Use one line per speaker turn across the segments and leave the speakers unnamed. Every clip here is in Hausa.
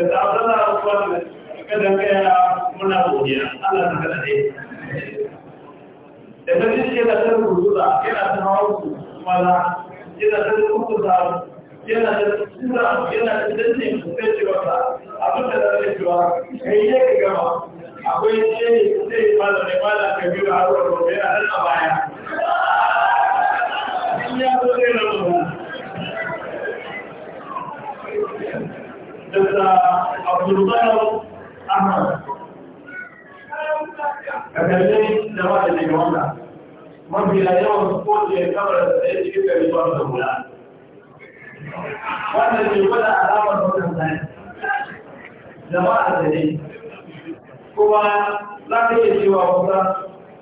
da abdalla kuwa kada kai muna godiya Allah ta kada dai da kaji ke yana san rubuta yana san hawa mala yana san rubuta yana san sura yana san danne sai ce wata abin da zai cewa kai ne ka gama akwai ce sai mala ne mala ka biyo har wa yana nan a baya in ya zo daga abdulbanar ahmad ka kalli da ba da daga wanda mafiya yawan ko da ya kamar da ya cikin gari ba da hula wannan ne wani alamar wannan zai jama'a da ne kuma za ka iya cewa kusa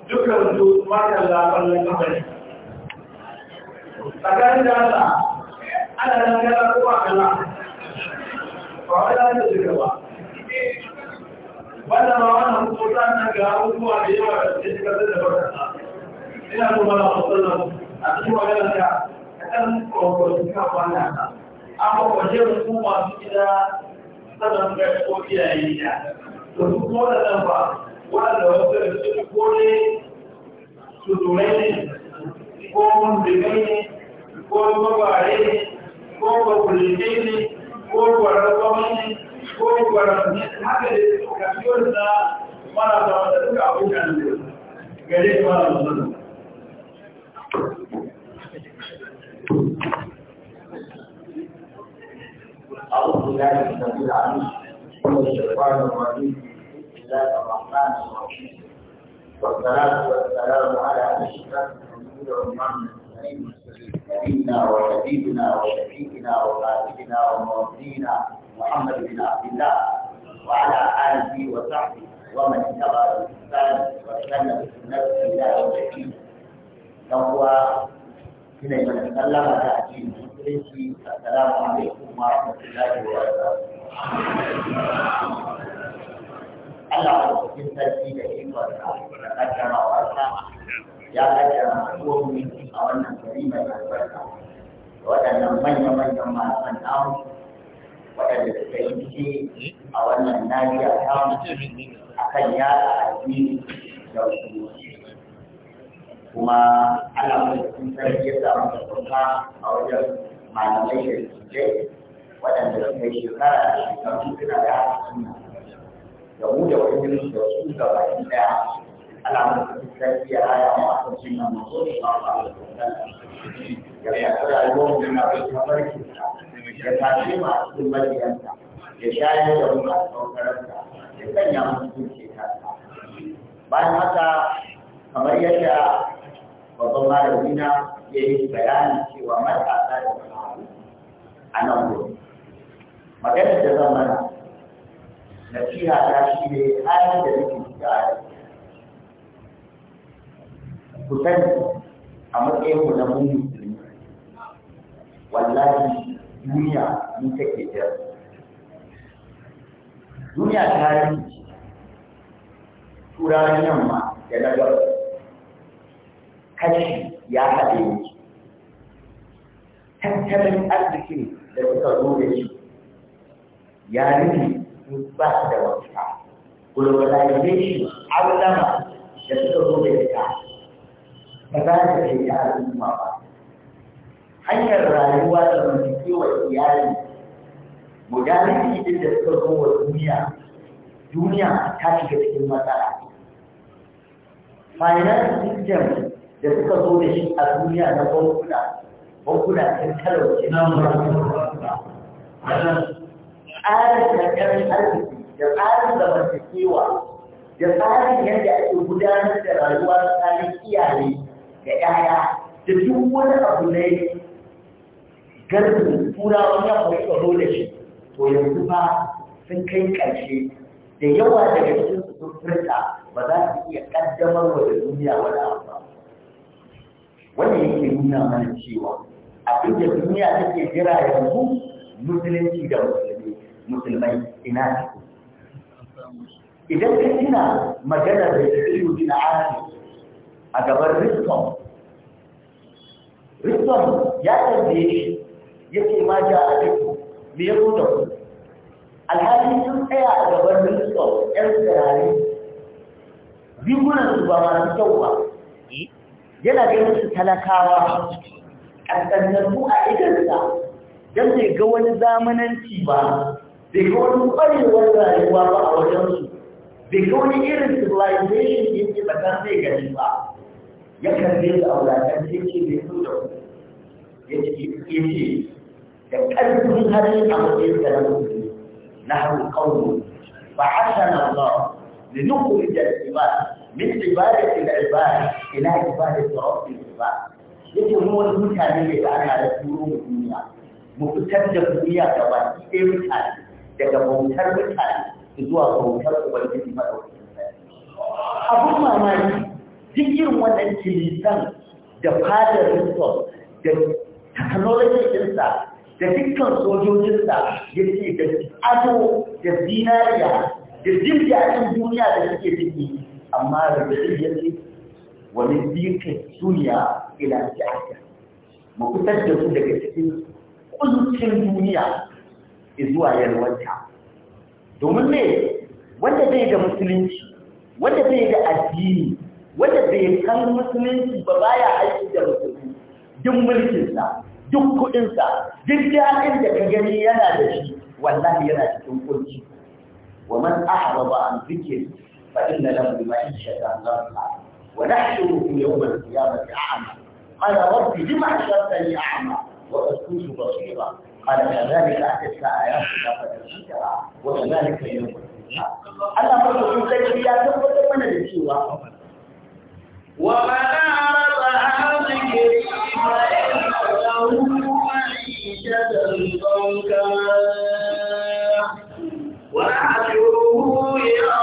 dukkan su makon labarin kamar tsakanin da ana nan gara kuma kala ba wai za ta shiga ba ma ga abubuwa da yawa da suke shigar da barkata ina so mana musallam a cikin a ta mu ko iyaye ba wasu ko ne ko mun ko ko ko gwarar gwamnati ko gwarar haka da kafiyar da mana da wata duka abubuwan da gare shi mana da zama أعوذ بالله من السميع العليم من الشيطان الرجيم بسم الله الرحمن الرحيم والصلاة والسلام على أشرف الأنبياء والمرسلين سيدنا وحبيبنا وشفيعنا وقائدنا ومولانا محمد بن عبد الله وعلى اله وصحبه ومن اتبع الانسان وسلم بسنته الى يوم الدين فهو
كنا من سلم تاكيد
المسلم السلام عليكم ورحمه الله وبركاته Allah ba cikin sarki da ikonsa da kaddara wasa ya kaddara komai a wannan gari mai albarka waɗannan manya-manyan masu namu waɗanda suka yi fice a wannan nahiya tamu a kan yara addini da musulunci kuma Allah ba cikin sarki ya samu da a wajen malamai da sujjai waɗanda suka yi shekara da shekaru suna da suna da mu da wani da su da baki daya ana da sarki ya haya mu a cikin nan ya ya kada yau na da kamar ki ya tashi ma cikin madiyanta ya shayar da mu a saukaranta ya sanya mu cikin shekarta bayan haka kamar yadda babban malamina na ya yi bayani cewa matasa da wani a nan gobe maganar da zan mana nasiha ta shi ne halin da nake shiga a ku sani a matsayin mu na mun musulmi wallahi duniya ni take da duniya ta yi turawan yamma da na gaba kashi ya haɗe ni tattalin arzikin da suka zo da shi ya rufe ba su da wata globalization allama da suka zo da ita ba za ta ce ta al'umma ba hanyar rayuwa da mantakewar iyali modality din da suka zo wa duniya duniya ta shiga cikin matsala finance system da suka zo da shi a duniya na bankuna bankuna sun talauce na mura tsarin tattalin arziki da tsarin zamantakewa da tsarin yadda ake gudanar da rayuwa tsarin iyaye da 'ya'ya da duk wani abu ne garbin turawan ya tsaro da shi to yanzu ba sun kai ƙarshe da yawa daga cikin sun furta ba za su iya ƙaddamar wa da duniya wani abu ba wannan yake nuna mana cewa abin da duniya take jira yanzu musulunci da musulunci musulmai ina ku idan ka tuna maganar da ilu bin asi a gaban Riston Riston ya tambaye shi yake ma ja a duk mai yau da ku alhali sun tsaya a gaban Riston yan tsirari rigunan ba masu kyau ba yana ganin su talakawa ƙasƙantattu a idansa don bai ga wani zamananci ba bai ga wani ƙwarewar rayuwa ba a wajensu bai ga wani irin civilization da yake ba kan zai ba ya karbe a wulatar da yake bai so da ya ce da ƙarfin hali a matsayin da na musulmi na haru ƙaunu ba hasan Allah لنخرج العباد من عبادة العباد إلى عبادة رب العباد. يجي هو المتعلم اللي أنا da الدنيا mu fitar da duniya gaba ɗaya mutane daga bautar mutane zuwa bautar ubangiji madaukakin sarki abun mamaki duk irin wannan kilisan da fadar rintos da technology da dukkan sojojinsa ya ce da ado da zinariya da jin daɗin duniya da suke ciki amma rarrabe ya ce wani birkin duniya ila jihar mu fitar da su daga cikin kuncin duniya zuwa yalwanta domin ne wanda zai ga musulunci wanda zai ga addini wanda zai san musulunci ba baya aiki da musulunci duk mulkinsa duk kuɗinsa duk daɗin da ka gani yana da shi wallahi yana cikin kunci wa man ahraba an zikir fa inna lahu ma'ishatan dhanka wa nahshuru fi yawm al-qiyamati a'ma qala rabbi lima hashartani a'ma wa askutu basira قال كذلك أهل الساعة وكذلك يوم Allah farko sarki ya tabbatar mana da cewa wa mana arada hazike ma yaqulu ma'ishatan dunka ya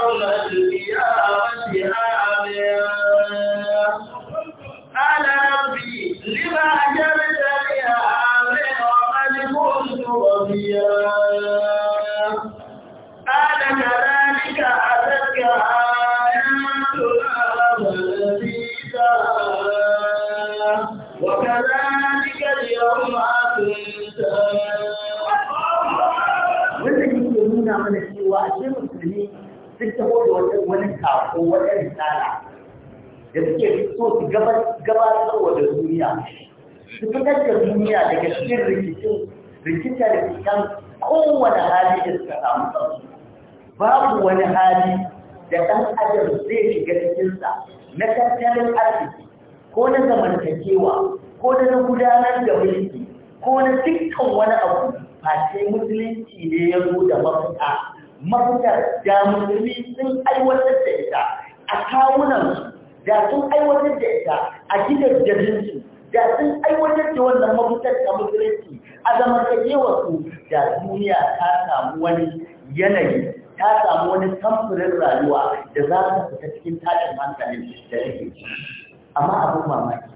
ko wata risala da suke so su gabatarwa da duniya su fitar da duniya daga cikin rikicin rikicin da cikin kowane hali da suka samu babu wani hali da ɗan adam zai shiga cikinsa na tattalin arziki ko na zamantakewa ko na na gudanar da mulki ko na dukkan wani abu ba musulunci ne ya zo da mafita mafitar da musulmi sun aiwatar da ita a kawunansu da sun aiwatar da ita a gidajensu da sun aiwatar da wannan mafitar da musulunci a zamantakewarsu da duniya ta samu wani yanayi ta samu wani samfurin rayuwa da za su fita cikin tashin hankalin da rike amma abin mamaki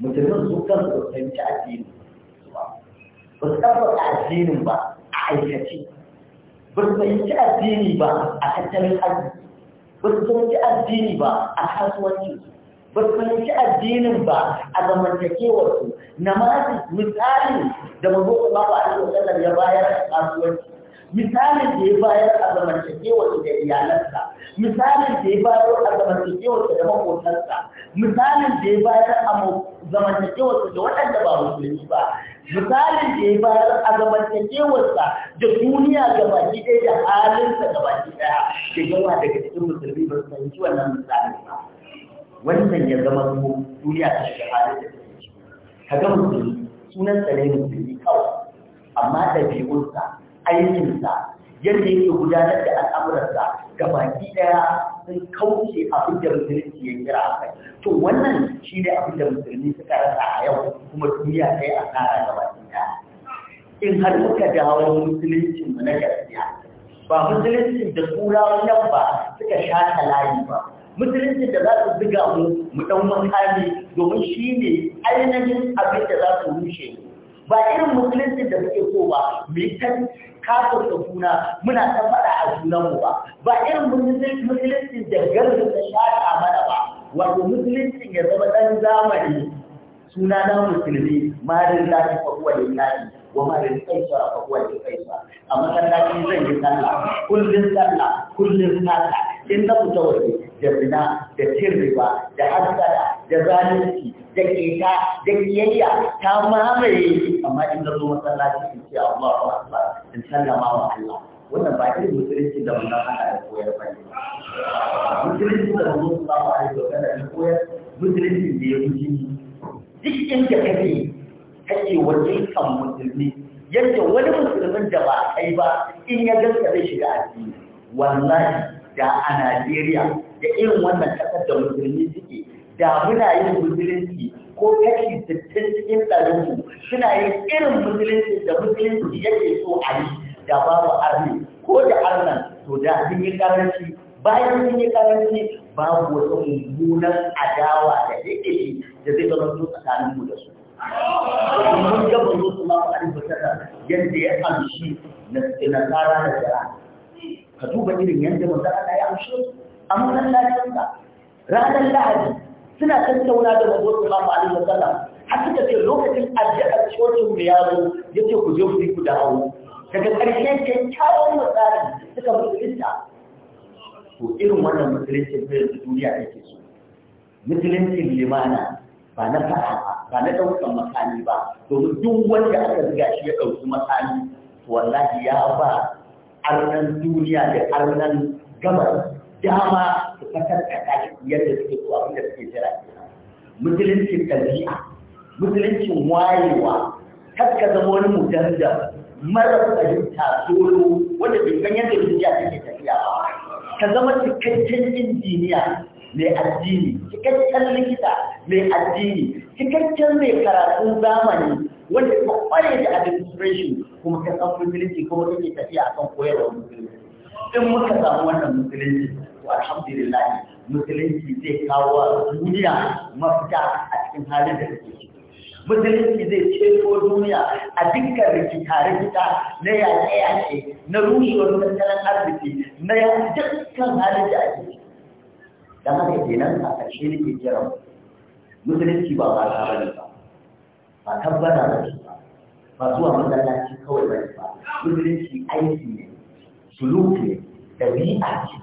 musulmin su kan da fahimci addini ba su tabbata addinin ba a aikace ba su fahimci addini ba a tattalin arziki ba su fahimci addini ba a kasuwanci ba su fahimci addinin ba a zamantakewarsu na masu misali da mazo Allah ba a ya bayar a kasuwanci misalin da ya bayar a zamantakewarsa da iyalansa misalin da ya bayar a zamantakewarsa da makotansa misalin da ya bayar a zamantakewarsa da waɗanda ba musulmi ba misalin da ya bayar a zamantakewarsa da duniya ga baki ɗaya da halinsa ga baki ɗaya da yawa daga cikin musulmi ba su fahimci wannan misalin ba wannan ya zama duniya ta shiga halin da ta ka ga musulmi sunansa ne musulmi kawai amma ɗabi'unsa aikinsa yadda yake gudanar da al'amuransa da baki ɗaya sun kauce abin da musulunci ya kira a kai to wannan shi ne abin da musulmi suka rasa a yau kuma duniya ta yi asara da baki daya in har muka dawo musulunci mu na gaskiya ba musuluncin da turawan nan ba suka shata layi ba musuluncin da za su ziga mu mu ɗan makami domin shi ne ainihin abin da za su rushe ba irin musuluncin da muke so ba mai kafin da kuna muna ta faɗa a mu ba ba irin musulunci da garin da shaƙa mana ba wato musulunci ya zama ɗan zamani suna na musulmi marin lafi faruwa da lafi wa marin kaisa fahuwa da kaisa a masallacin zan yi sallah kullum sallah kullum sallah in na fita waje da zina da cin riba da hasada da zalunci da keta da kiyayya ta mamaye amma in na zo masallaci in ce Allahu akbar in sallama wa Allah wannan ba irin musulunci da wannan ana da koyar ba ne musulunci da wannan ba wa ai da kana koyar musulunci da ya wuce duk inda kake kake wajen kan musulmi yadda wani musulmin da ba kai ba in ya gaskata shiga addini wallahi da a Najeriya da irin wannan ƙasar da musulmi suke da muna yin musulunci ko kashi sittin cikin ɗarinmu suna yin irin musulunci da musulunci yake so a yi da babu arni ko da arnan to da sun yi karanci bayan sun yi karanci babu wata mummunan adawa da yake da zai zama su tsakaninmu da su. mun gaba zo su mafi alifata yadda ya amshi na tsara da jara ka duba irin yadda manzo Allah ya amshe su a masallacin sa ranar Lahadi suna tattauna da manzo Muhammad alaihi wasallam har suka ce lokacin addu'ar cocin da ya zo yace ku je ku yi ku dawo daga ƙarshen kyakkyawan misali suka musulunta to irin wannan musulunci ne yanzu duniya take so musuluncin limana ba na fa'a ba ba na ɗaukan makami ba domin duk wanda aka riga shi ya ɗauki makami wallahi ya ba arnan duniya da arnan gabar dama su fatar da kashi yadda suke so da suke jira musuluncin ɗabi'a musuluncin wayewa kar ka zama wani mutum da mara fahimta solo wanda bai san yadda duniya take tafiya ba ka zama cikakken injiniya mai addini cikakken likita mai addini cikakken mai karatun zamani wanda ka kware da administration kuma ka san musulunci kuma kake tafiya akan koyarwa musulunci in muka samu wannan musulunci to alhamdulillah musulunci zai kawo wa duniya mafita a cikin halin da take ciki musulunci zai ceto duniya a dukkan rikita-rikita na yaƙe-yaƙe na rushewar tattalin arziki na dukkan halin da ake ciki Da haka kenan a ƙarshe nake kiran musulunci ba ba ta bane ba ba tabbata da shi ba ba zuwa masallaci kawai ba ba musulunci aiki ne suluki ne ɗabi'a ce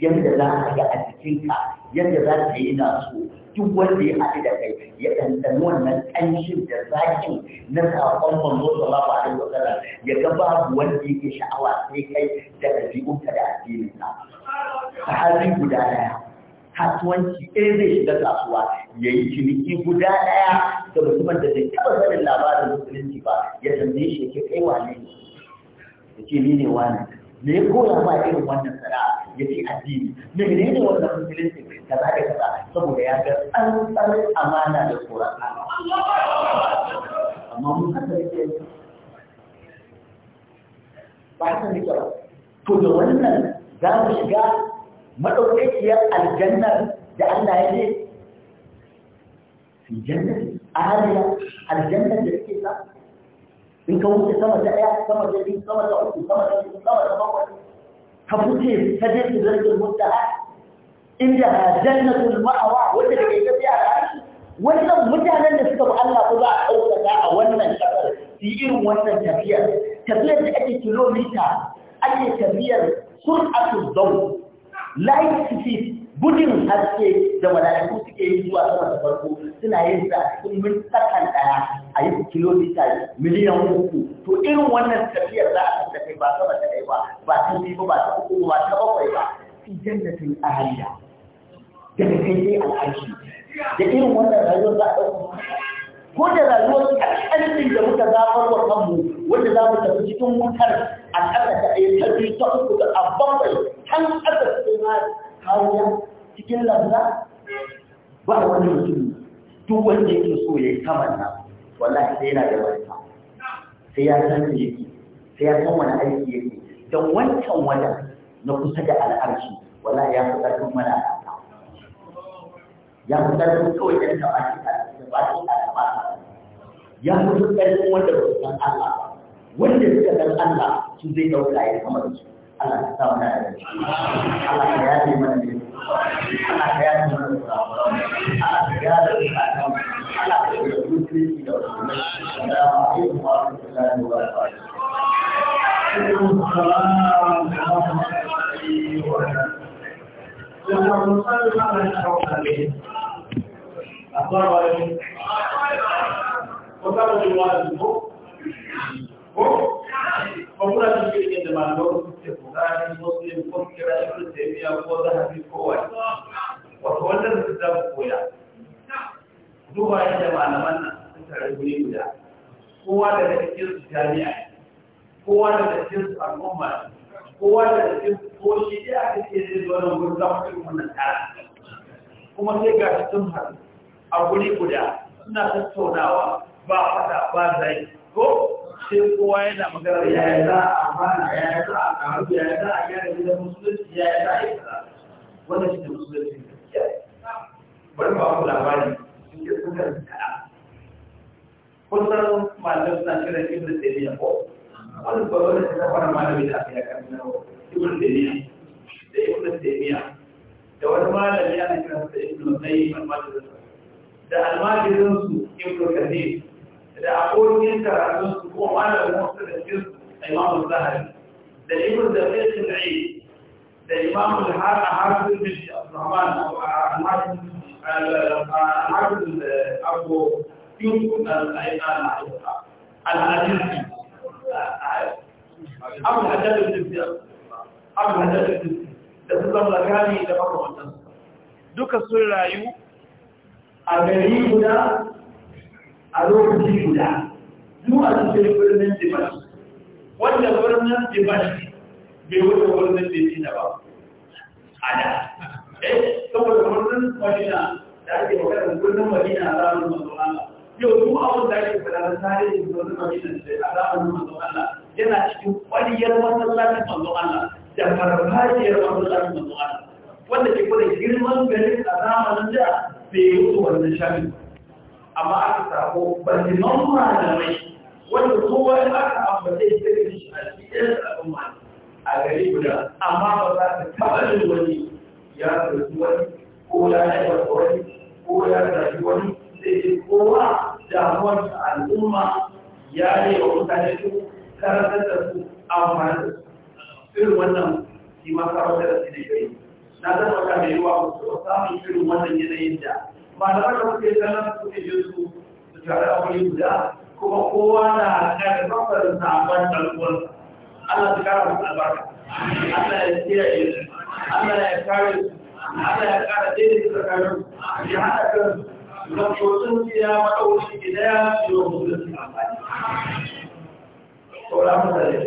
yadda za a ga a jikinka yadda za ka yi na so duk wanda ya haɗu da kai ya ɗanɗani wannan ƙanshin da zaki na saƙon manzo sallallahu alaihi wa sallam ya ga babu wanda yake sha'awa sai kai da ɗabi'unka da addininka sahabi guda daya kasuwanci ɗaya zai shiga kasuwa ya yi ciniki guda ɗaya da mutumin da zai taɓa sanin labarin musulunci ba ya tambaye shi ke kai wane ne ya ce ni ne wane me ya koya ba irin wannan sana'a ya ce addini me ne ne wannan musulunci ka za ka kaza saboda ya ga tsantsanin amana da tsoron amma mun haka yake ba haka ne ba to da wannan za mu shiga maɗaukakiyar aljannar da Allah ya ce fi jannati aliya aljannar da suke sa in ka wuce sama da ɗaya sama da biyu sama da uku sama da biyu sama da bakwai ka wuce ta je su zargin mutane inda jannatul ma'awa wanda da ke tafiya da aiki wannan mutanen da suka bi Allah ko za a ɗaukaka a wannan ƙasar su yi irin wannan tafiyar tafiyar da ake kilomita ake tafiyar sur'atul zaun light speed gudun haske da wadatu suke yi zuwa sama da farko suna yin sa a cikin mintakan daya a yi kilomita miliyan uku to irin wannan tafiyar za a tafi kai ba sama da kai ba ba ta biyu ba ta uku ba ta bakwai ba fi jannatin ahaliya daga kai dai al'ashi da irin wannan rayuwar za a ɗauka ko da rayuwar ƙarƙarin da muka zafar kanmu wanda za mu tafi cikin wutar a da ta ɗaya ta biyu ta uku da a bakwai can ƙasa sai ma kariya cikin lamba ba wani mutum duk wanda yake so ya yi saman nan wallahi sai yana da wani sai ya san me yake sai ya san wani aiki yake don wancan wata na kusa da al'arshi wallahi ya fi ƙarfin mana ya fi ƙarfin kawai da ta ba shi da ba shi da ba ya fi ƙarfin wanda ba san Allah ba wanda suka san Allah su zai dauka ya kama da su Allah ka sa mana da shi Allah ka yafe mana da Allah ka yafe mana da Allah ka yafe mana da Allah ka yafe mana da Allah ka yafe mana da السلام عليكم ورحمة الله وبركاته. ko ba kuna da shi da ce su ke kuɗaɗen muslim ko kira ibn taymiya ko zahabi ko wani wato wannan da za ku koya duba da malaman nan sun tare guri guda kowa daga cikin su jami'a kowa daga cikin su al'umma kowa daga cikin su ko shi dai aka ce zai zo nan gurin za ku irin wannan tara kuma sai ga shi sun haɗu a guri guda suna tattaunawa ba fada ba zai ko sai kowa yana magana ya za a fara ya za a karu ya za a gyara gidan musulunci ya za a yi kaza wannan shi ne musulunci bari ba ku labari sun yi sukan kaɗa kusan malam suna kira ibn taymiya ko wani ba wani ta fara malami da aka yaka na ibn taymiya da ibn taymiya da wani malami ana kira sa ibn tayyib al-madrasa da almajirin su ibn kathir لأقول من كرامس هو أنا المحسن الجزء إمام الذهبي ده ابن العيد الإمام إمام الحاج حافظ المشي عبد الرحمن أو حافظ حافظ أبو يوسف العزيزي أبو الحجاج الجزي أبو الحجاج الجزي ده تظلم لكاني ده دوكا سورة رايو a gari guda a lokaci guda a cikin birnin dimash wanda birnin dimash bai wuce birnin medina ba a da eh saboda birnin madina da ake magana birnin madina a zamanin manzon Allah yau duk abin da ake fada na tarihin birnin madina da a zamanin manzon Allah yana cikin kwaliyar masallacin manzon Allah da farfajiyar masallacin manzon Allah wanda ke gwada girman garin a zamanin da bai wuce wannan shafin ba amma aka sako balliman malamai wanda kowa ya aka ambace shi daga shi a cikin al'umma a gari guda amma ba za ta taɓa jin wani ya zargi wani ko ya haifar wani ko ya zargi wani sai dai kowa damuwar al'umma ya yi wa mutane su karanta da su amfani da su irin wannan shi ma karantar da su ne gari na zama ka mai yiwa wasu samun irin wannan yanayin da malamar da kuke ganin suke jin su su tare a wuri guda kuma kowa na karfan farin sabon dalwar Allah ta kara musu albarka Allah ya kiyaye su Allah ya kare Allah ya kara daidai tsakanin su ya haɗa kan su don sosun siya maɗauki gida ya fi wa musulunci amfani. Saura mutane.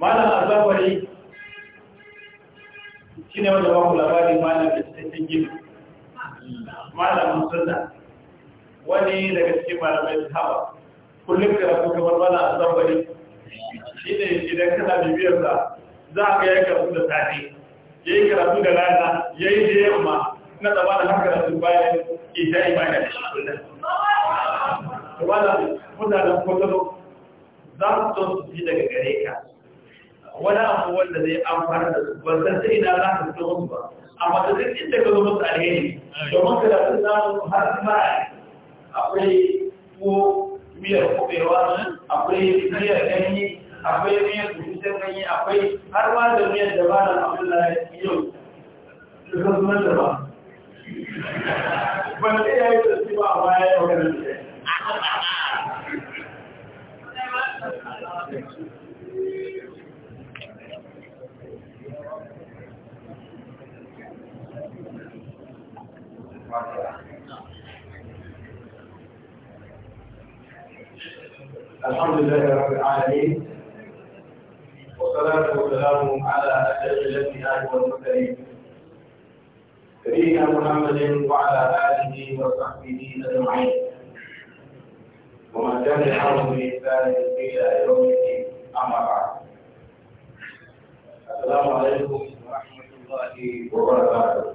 Malam Azabari shi ne wanda babu labarin malam da cikin gini malamin sunna wani daga cikin malamai sahaba kullum da rafu kamar wani a zambari shi ne idan kana bibiyar sa za ka yi karatu da safe ya yi karatu da rana ya yi da yamma na tsaba da haka rasu bayan ita imani da shi kullum kuma da mutanen kwatano za su zo su ji daga gare ka wani abu wanda zai amfana da su ba san sai na za ka fito musu ba amma da zai inda daga zo musu alheri domin ka zafi samun har mara akwai ko miyar kubewa akwai miyar ganye akwai miyar kusurcin ganye akwai har ma da miyar da ba na abdullahi yau da kasuwar da ba ban da ya yi tsarki ba a baya ya wani da ya الحمد لله رب العالمين والصلاة والسلام على أشرف الأنبياء والمرسلين نبينا محمد وعلى آله وصحبه أجمعين ومن تبعهم بإحسان إلى يوم الدين أما بعد السلام عليكم ورحمة الله وبركاته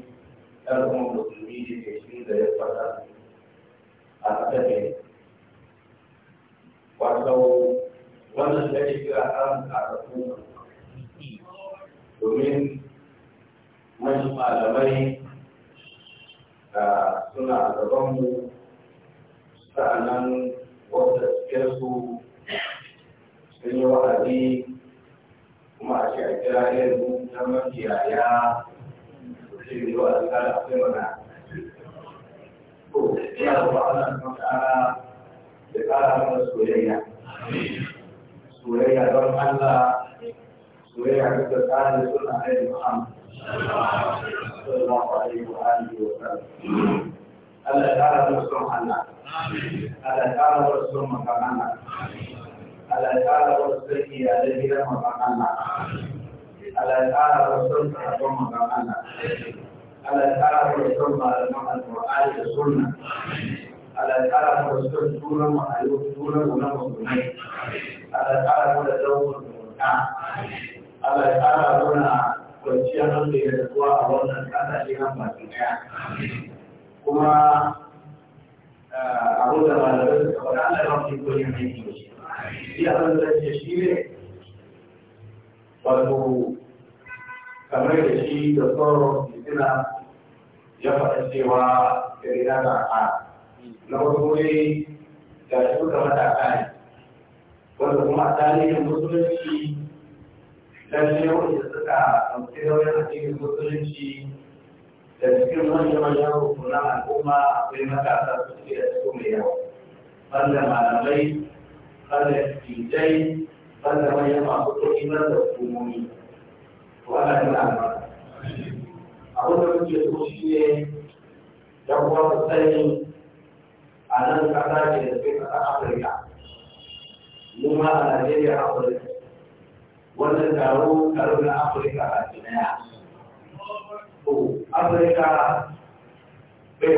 kuma musulmi da ke shi da ya fata a tsakanin wato wannan da ya kira an karfin domin manyan malamai ah, suna gabanmu sa'annan wanda su sun yi wa'azi kuma a ce a kira irin na makiyaya الشيء وأن لا أخبرنا الله سبحانه وتعالى لقال سوريا سوريا دون الله سوريا عند تعالى سنة عليه محمد صلى الله عليه وآله وسلم ألا تعالى رسول الله ألا تعالى رسول مكاننا ألا تعالى رسول الذي لم على الآن والسنة ثم كمانا على الآن والسنة مع القرآن والسنة على الآن والسنة دون محلوك دون ونمو على الآن والدوم المتاع على الآن هنا kwanciyar hankali da kuwa a wannan ƙasashe nan baki ɗaya kuma abu da malamai suka faɗa Allah ya fi koyin aiki shi abin da ke shi ne wato kamar da shi da sauran fitina ya faɗa cewa irina na a na wasu ne da shi kuka matasa kai wanda kuma a tarihin musulunci lalle wanda suka ɗauki nauyin addinin musulunci da cikin manya-manyan rukunan al'umma akwai matasa su ke da su mai yawa banda malamai banda tijai banda manyan masu ban banda hukumomi wannan yana abin muke so shi a nan kasa ke da sai kasa afirka mu ma a najeriya afirka wannan taro na afirka a to afirka bai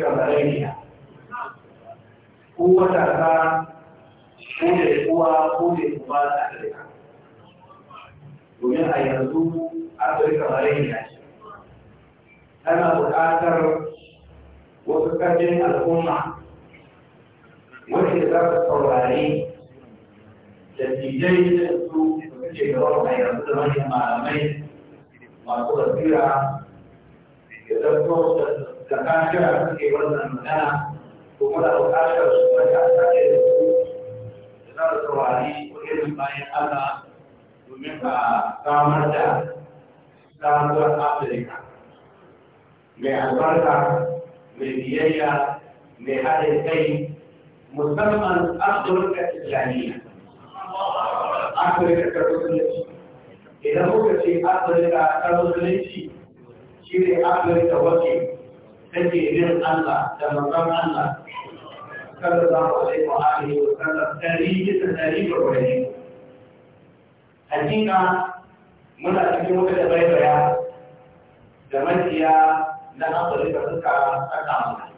ta ko kuwa ko kuma domin a yanzu afirka marayi ya ce tana buƙatar wasu ƙarfin al'umma wanda za su saurari da tijai da su suke gaba a yanzu da manyan malamai masu basira da zarto da kashira suke wannan magana kuma da buƙatar su wata a sake da su da za su saurari wajen bayan Allah domin ka samar da sabuwar afirka mai albarka mai biyayya mai haɗin kai musamman afirka islamiyya afirka ta musulunci idan muka ce afirka ta musulunci shi ne afirka wacce take yin allah da manzon allah Kada za wa alihi wa sallam dari bisa dari ga wani hakika muna cikin muka da baibaya da majiya na afirka suka saka muna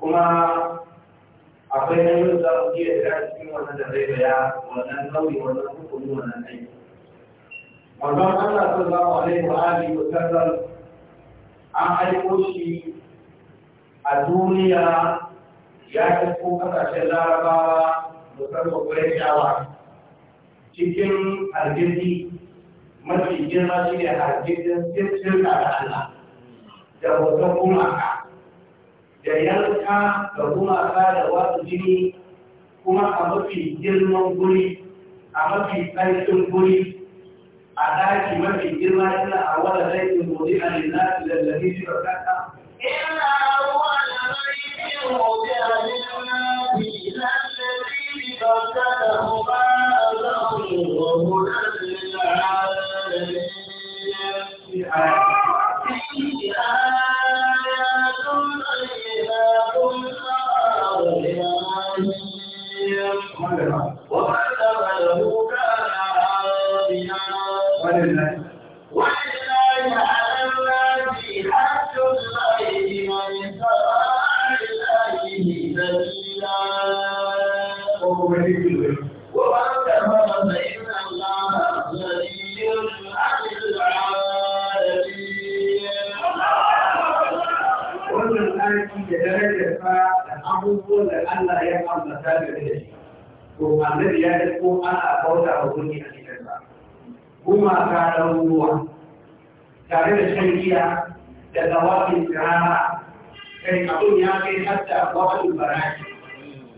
kuma akwai hanyoyin za mu iya shiga cikin wannan da baibaya wannan nauyi wannan hukumi wannan aiki wannan allah sallallahu alaihi wa alihi wa sallam an haiko shi a duniya ya tafi kasashen larabawa musamman kwarai shawa cikin hargitsi mafi girma shi ne hargitsin sirrin da Allah da hoton gumaka da yanka da gumaka da wasu jini kuma a mafi girman guri a mafi tsarkin guri a ɗaki mafi girma ina a wadda zai yi gobe a da lallabi shi da kasa وكان مباركا abin da Allah ya ambata da shi to annabi ya ce ko ana bauta wa gunki a cikin sa kuma ka ruwa tare da shan giya da tawafin kirama kai abin ya kai hatta wa'adul baraki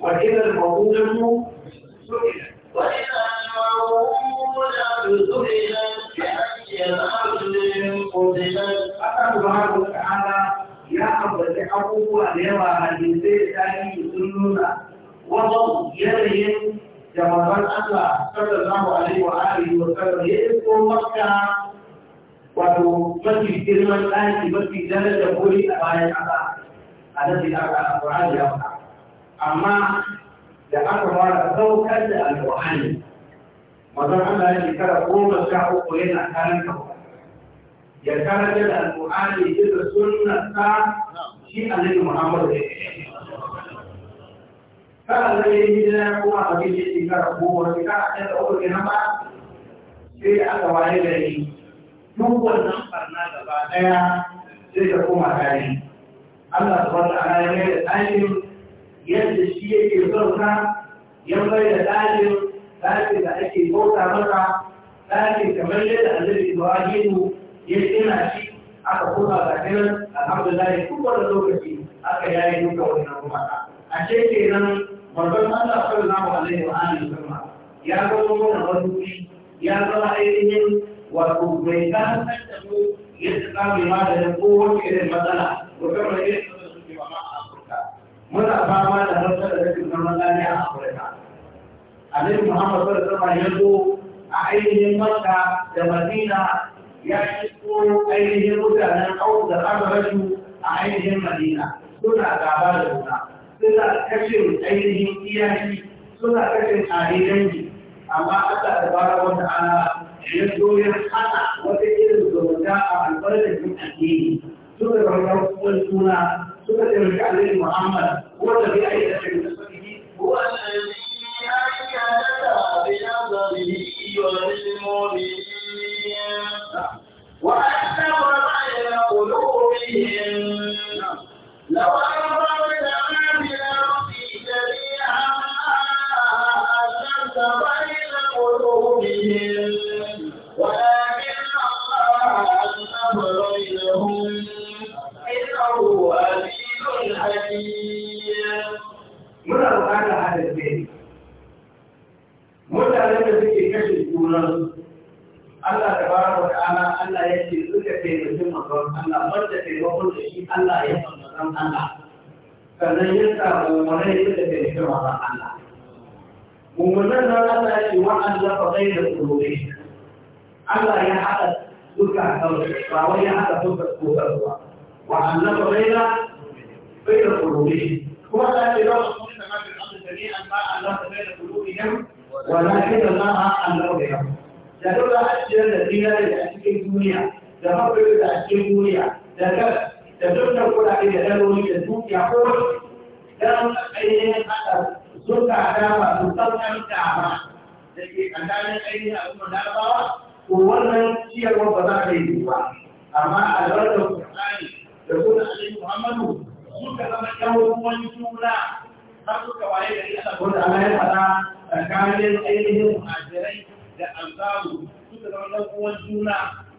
wa ila al-mawdudatu su'ila wa ila al-mawdudatu su'ila abubuwa da yawa hadisai da tarihi sun nuna wajen yanayin da manzon Allah wato mafi girman ɗaki mafi darajar wuri a bayan ƙasa a da aka amma da aka fara saukar da alƙur'ani manzon Allah ya shekara goma sha uku yana karanta ya karanta da alƙur'ani bisa sunnarsa shi annabi Muhammad ne kada da yi hijira kuma a bi shi ka ko wani ka a tsaya da wani nan ba sai aka waye da ni duk wannan barna gaba ɗaya, sai ta koma tare Allah subhanahu wa ta'ala ya da dalil yadda shi yake zauna ya bai da dalil dalil da ake bauta masa dalil kamar yadda Annabi Ibrahim ya tsina shi aka koma ga alhamdulillah duk wani lokaci aka yayi duka wannan gumaka a ce kenan manzon Allah sallallahu alaihi wa alihi wasallam ya zama mana wani ya zama ainihin wato mai ta san da mu yadda za mu ko wani irin matsala ko kuma irin da suke ba ma a Afirka muna fama da matsalar rashin zaman lafiya a Afirka Annabi Muhammad sallallahu alaihi wa sallam ya zo a ainihin Makka da Madina ya isko ainihin mutanen aus da amarashu a ainihin madina suna gaba da juna suna kashin ainihin iyaki suna kashin ahidangi amma allah da bara wata ana ya zo ya hana wata irin zumunta a albarkacin addini suka zama kuma suna suka taimaki alaihi muhammad wanda bai aikata da sarki wanda ya aikata da nazari wa ilmomi وأسلم بين قلوبهم لو أنفق mummunai suka kai shi mazan Allah mummunan nan Allah ya ce wa'an lafa bai da kurobe Allah ya haɗa duka ba wai ya haɗa duka kurobe ba wa'an lafa bai da bai da kurobe kuma Allah ya ce ba
su kuma da mafi ƙasa jami'an ba Allah ta bai da kurobe yan ولكن الله
أن ربهم لأنه لا أشياء الذين يأتيك الدنيا da mafi da ake duniya da gas da dukkan kuɗaɗe da daloli da dukiya ko don ainihin haɗa zuka su masu sauƙar dama da ke tsakanin ainihin al'umma larabawa ko wannan ciyarwa ba za ta yi ba amma a albarkar Qur'ani da kuma Annabi Muhammadu suka zama ɗan juna na suka waye da Allah ko da Allah ya faɗa tsakanin ainihin muhajirai da ansaru suka zama ɗan uwan juna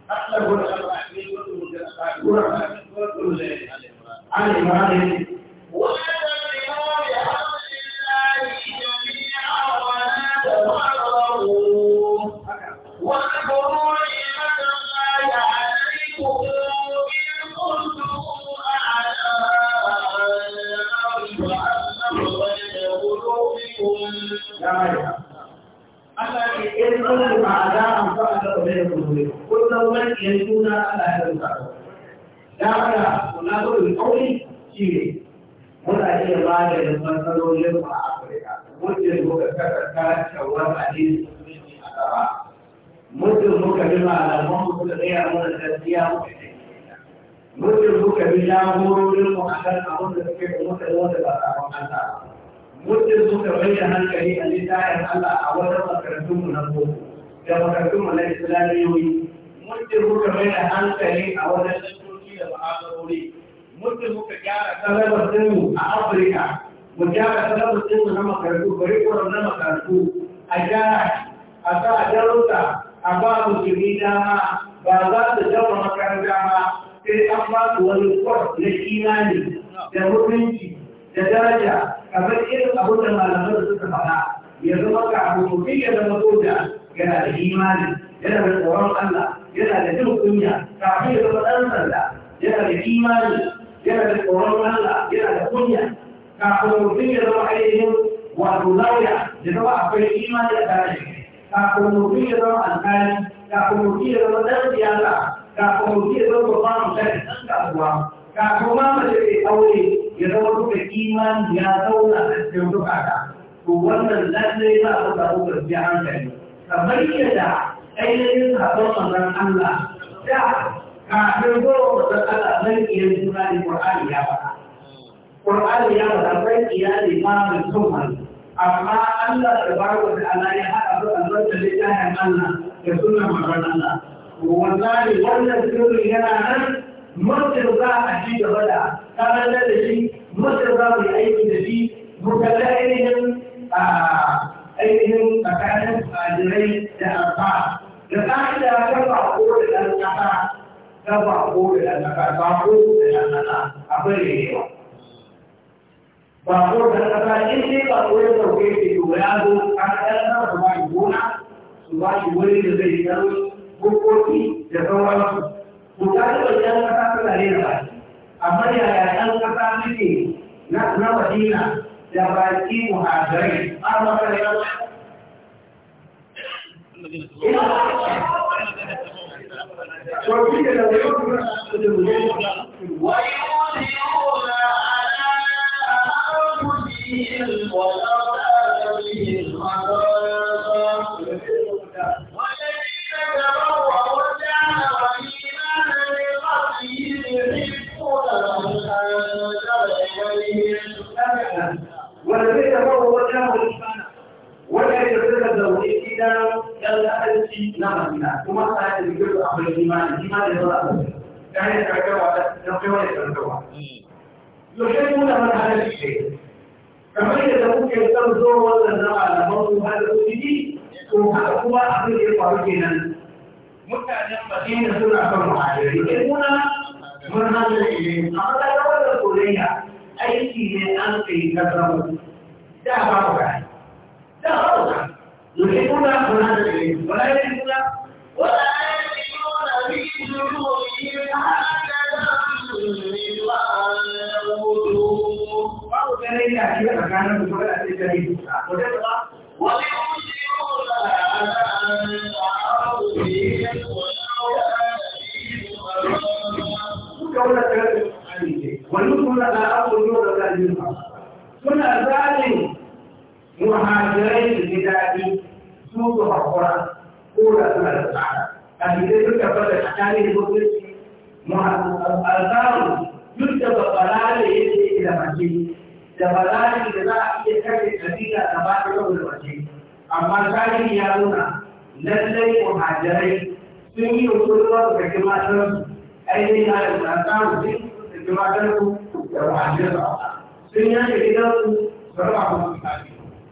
har Allah ko da Allah ya faɗa tsakanin muhajirai da ansaru suka zama ɗan uwan juna ga amfani da kwanne da kwanne kullum wani iya nuna ana yi da sako ya haka suna gudun tsauri shi ne muna iya ba da yin matsalolin ba a afirka muke muka kasa kasawa a jini da kuma shi a gaba
muke muka bi malaman mu
suka gaya mana gaskiya muka ce muke muka bi jagororin mu a kan abin da suke da muka yi wata ba a kan kanta
muke muka bayyana hankali a littafin
Allah a wajen makarantun mu na boko da makarantun na islamiyoyi muddin muka mai da hankali a wajen lantarki da ma'amalori muddin muka gyara talabar dinmu a afirka mu gyara talabar dinmu na makarantu kurikulam na makarantu a gyara a sa a jarumta a ba musulmi dama ba za su jama makaranta ba sai an ba su wani kwas na imani da mutunci da daraja kamar irin abin da malamai suka faɗa ya zama ka abu mutum ya zama soja yana da imani yana da tsoron Allah yana da jin kunya kafin ya zama ɗan sanda yana da imani yana da tsoron Allah yana da kunya kafin mutum ya zama ainihin wato lauya ya zama akwai imani a tare kafin mutum ya zama alkali kafin mutum ya zama ɗan siyasa kafin mutum ya zama babban mutane ɗan kasuwa kafin ma mace mai aure ya zama duka imani ya zauna a cikin duka to wannan lallai za a samu kwanciyar hankali kamar yadda ainihin sabon manzon Allah da kafin zuwa manzon Allah zan iya juna ne ƙur'ani ya faɗa Ƙur'ani ya faɗa zan iya ne ma mai tsohon amma Allah da barwa da Allah ya haɗa su a zan da littafin Allah da sunan manzon Allah wallahi wannan sirri yana nan mutum za a ci gaba da karantar da shi mutum za mu yi aiki da shi mu kalla ainihin ah, ainihin tsakanin fajirai da arfa da ƙa'ida ta bako da ɗan ƙasa ta bako da ɗan ƙasa bako da ɗan ƙasa akwai da yawa bako da ɗan ƙasa in dai bako ya sauke shi to ya zo an ɗan ƙasa su ba shi gona su ba shi wani da zai yi nauyi bukkoki da sauransu to ta taɓa ɗan ƙasa suna rera ba amma yaya ɗan ƙasa suke na madina jabati muhajirin apa kalian وَإِذَا يُؤْمِنُونَ عَلَى أَنفُسِهِمْ وَلَا والذين مروا وجهه الإيمان ولا يتبدل إلا يلا ألسي نعمنا ثم سأل الجزء أخر الإيمان الإيمان يلا ألسي كان على يتركوا يتركوا يحبون من هذا الشيء كما يتبوك يتبزور والنزاع على موضوع هذا الشيء وهو أخر الإيمان
mutanen madina suna son muhajirai sai
muna mun hannun ilimi amma ta aiki ne an kai na da ba ku gani da ba ku gani yake kuna kuna da gani wala yake kuna wala yake kuna bi zururi hada zururi wa alhudu ba ku gani da ke a kanan ku ba da ke gani ku ta ko da ba wala yake wani suna da abubuwa da kalima suna zalin muhajirai da ji daɗi su su haƙura ko da suna da tsada a cikin duk duka fata tsakanin mutunci alzaru duk da babbala da yake da mace da balari da za a iya kashe kabila da ba ta yau da mace amma tarihi ya nuna lallai muhajirai sun yi yunkurin wasu kakin matansu ainihin na da tsakanin da matarku da ma'ajiyarsa sun yanke gidansu da rama masu tafi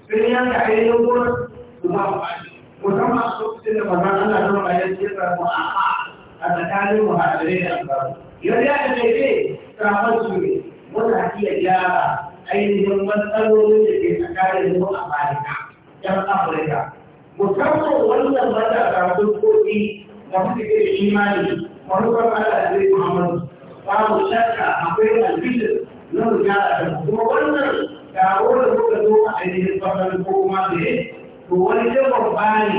sun yanke ainihin gurin su ma mafi musamman a lokacin da mazan ana zama mara yanke ya samu a'a a tsakanin muhajirai da ansaru yau ya da mai ce su ne muna iya gyara ainihin matsalolin da ke tsakanin mu a Afirka ɗan Afirka musamman wannan matasa sun koɗi da mutu ke imani manukan Allah zai Muhammadu babu shakka akwai albishir na rujara da kuma wannan taro da kuka zo a ainihin fasan ko kuma da ya to wani jan babba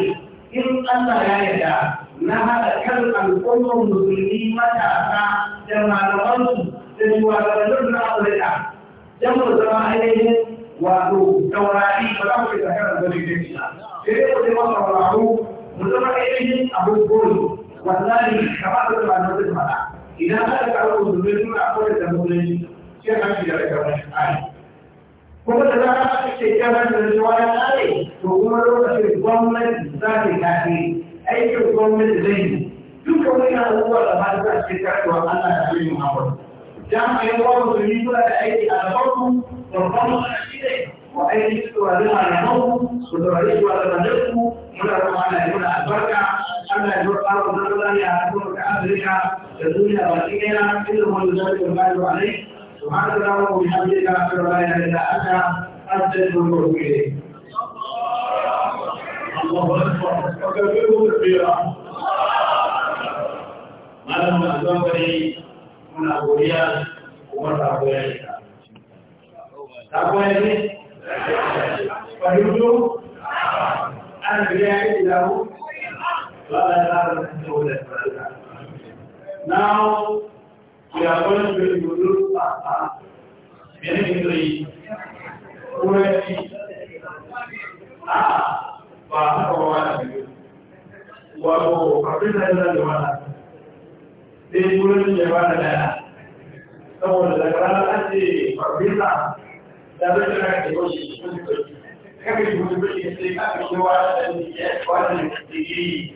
in Allah ya yarda na haɗa kan al'ummar musulmi matasa da malamansu da shugabannin na Afirka jan mu zama ainihin wato taurari ba za mu shiga kan zama da shi sai dai ku zama tauraro mu zama ainihin abin koyi wallahi kamar da ba na zai faɗa idan aka kawo musulmai suna akwai da musulunci sai an fi da kamar tsari kuma da za a ce kamar da zuwa ya tsare to kuma lokacin gwamnati za ta yi aikin gwamnati zai yi duka wani abubuwa da ba za a ce karɓar Allah da zai muhammad jami'ai wa musulmi suna da aiki a gabanku babban wani shi ne ko aiki su wa zama na hau su wa zama na ku muna zama na yi muna albarka Allah ya roƙa wa Allah ya haɗu da Afirka da duniya baki ɗaya irin wani zai da bayan wa ne subhanahu wa ta'ala wa bihamdika ashhadu an la ilaha illa anta astaghfiruka wa atubu ilayk Allahu akbar malam azan bari muna godiya kuma ta goya ita ta goya ne fahimtu an biya ila mu Now, we are going to introduce Papa, basically, already, ah, Papa, wato, kafin da jama'a, sai wurin jama'a da saboda daga ranar ake farfisa da zai kira da yau shi kafin da yau shi kafin da yau shi kafin da yau shi kafin da yau shi kafin da yau shi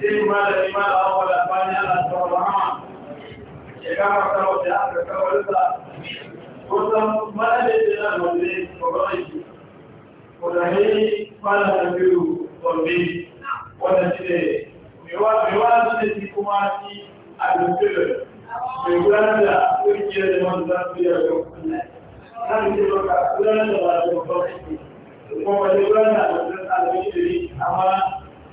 sai malami mala awal albani ala ma ya gama kawo da ta kawar sa kusan malami da na wanda ko ba shi ko da hei malami biyu wanda wanda shi ne mewa mewa shi ne kuma shi a da mai gudanar da kungiyar da man za su yi a yau kan ce baka gudanar da ba da babban kuma ba da gudanar da babban alaƙi da ni amma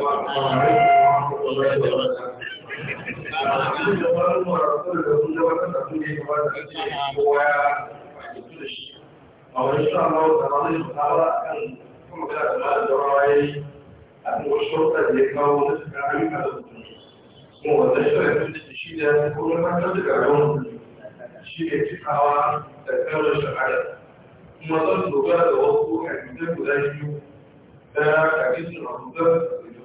السلام عليكم ورحمة الله وبركاته.
وإن شاء الله تعالى تعالى أن
تكون هذا الرأي
أن الشرطة يكون تعليم هذا الدروس. هو تشرع في الشيء تكون ما تدركون شيء يتفاوى تكون شعارا. ثم تطلب هذا وصفه أن يكون ذلك لا تكون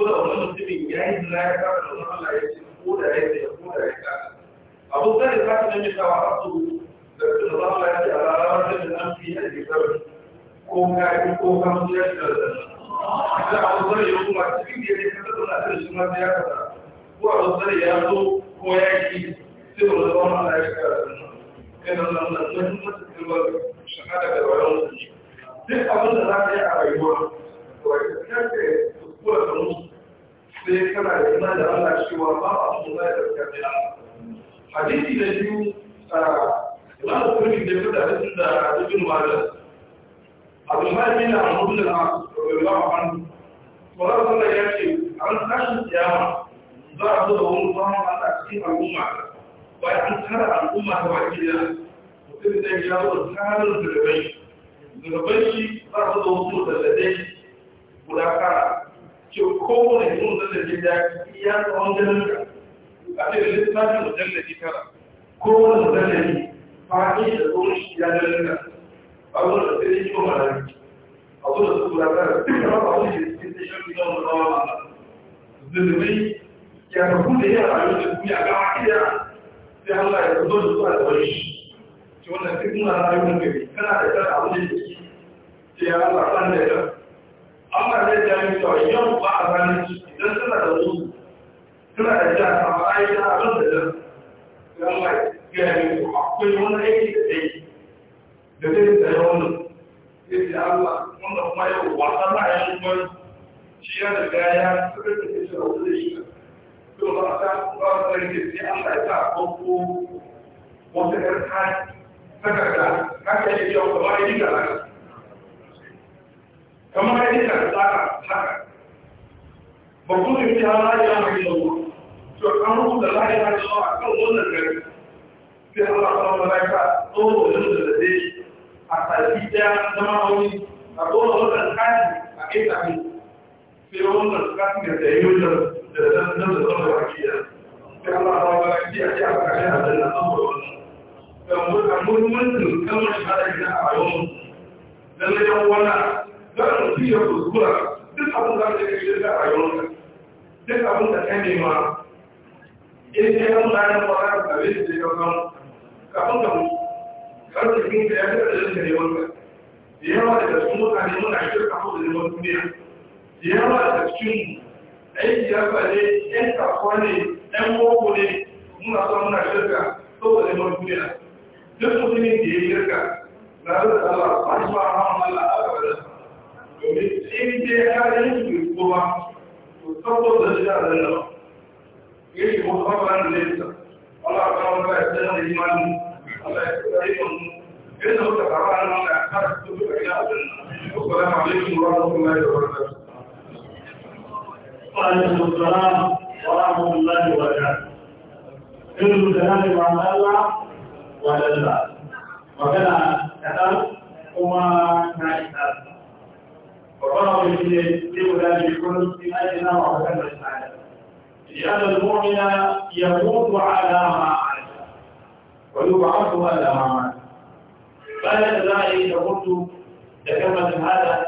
ko da wani mutumin ya yi zina ya kasa da wani Allah ya ce ko da ya ce ko da ya kasa abu zai ka ta nemi kawa a su da su da Allah ya ce a rarar da an fi a jikin ko ka yi ko ka mutu ya shiga da da abu zai ya kuma cikin da ya ce kasa da wani shi ma ya kasa ko abu zai ya zo ko ya yi ki sai wani zama Allah ya shiga da nan kai nan nan nan nan mutu kalmar shahada da wayan mutu duk abin da za ka yi a rayuwa to a gaskiya ce kuwa da mutu sai kana da iman da Allah cewa ba a su zai da suka fi hadisi da biyu imam kurmi da fita da da ibn majah abu mai bin amru da al-as radiyallahu anhu wannan sallah ya ce an tashi kiyama za a zo da wani zaman Allah cikin al'umma bayan an tara al'umma ta baki da mutum da ya zo da tarin zurbai zurbai shi za a zo da wasu da dai guda kara ce kowane yin mujallaji da ya tsawon ganin a ce littafin mujallaji tara kowane mujallaji fa'in da tsohon shi ya ganin a wani da sai yi kuma da a wani da tura tara a wani da suke sai shan gidan wani rawa ba zulubai ya kafu da yin rayu da kuma ya gama iya sai Allah ya zo da zuwa da wani shi ce wannan duk rayu da gari kana da kan abin da ke ya Allah san da ya amma zai jami cewa yau ba a ranar ci idan suna da su suna da jiya ta yi ta abin da jan yan mai gani ko akwai wani aiki da aiki da zai tsaye wannan zai ce allah wanda kuma yau wasa ba a yi kuma shi ya da gaya suka da ke shirar wanda shi ka to ba a ta ba a tsarin ke sai allah ya ta kwanko wata yar ta takarda haka yake yau kamar yi ga kamar kai ka tsaka haka ba ku ne ya ra ya mai da ku to an rubuta la ya ta a kan wannan gari sai Allah ta malaika to da da dai a tafi da zama wani a to wannan kaji a kai ta ne sai wannan kaji da yayi da da da da da akiya sai Allah ta malaika ya ce a kai da nan amurwa da muhimmancin kalmar shahada a yau dan da yawan za a mutu ya kuskura duk abin da ake kashe da rayuwarka duk abin da ka nema in ka yi mutane ba za ka abin da ya kafin ka mutu arzikin ka ya da shi neman ka da yawa daga cikin mutane muna shirka ko da neman duniya da yawa daga cikin aiki ya sa ne yan kasuwa ne yan boko ne muna son muna shirka ko da neman duniya duk mutumin da ya shirka na rasa Allah ba shi ba a hannun Allah a gaba da domin sai ce ya yi shi ko ba to saboda shi da Allah ya yi ko ba ba ne da Allah ka ba ka da imani Allah ya tsare mu inda ka fara nan da ka tsaya da ya Assalamu alaikum wa rahmatullahi wa barakatuh wa alaikum assalam wa rahmatullahi wa barakatuh ilmu da hali wa Allah wa Allah magana kadan kuma na isa وطلب الجنة لولا يكون في أجل وحكم السعادة لأن المؤمن يموت على ما عاش ويبعث على ما عاش بعد ذلك قلت تكمل هذا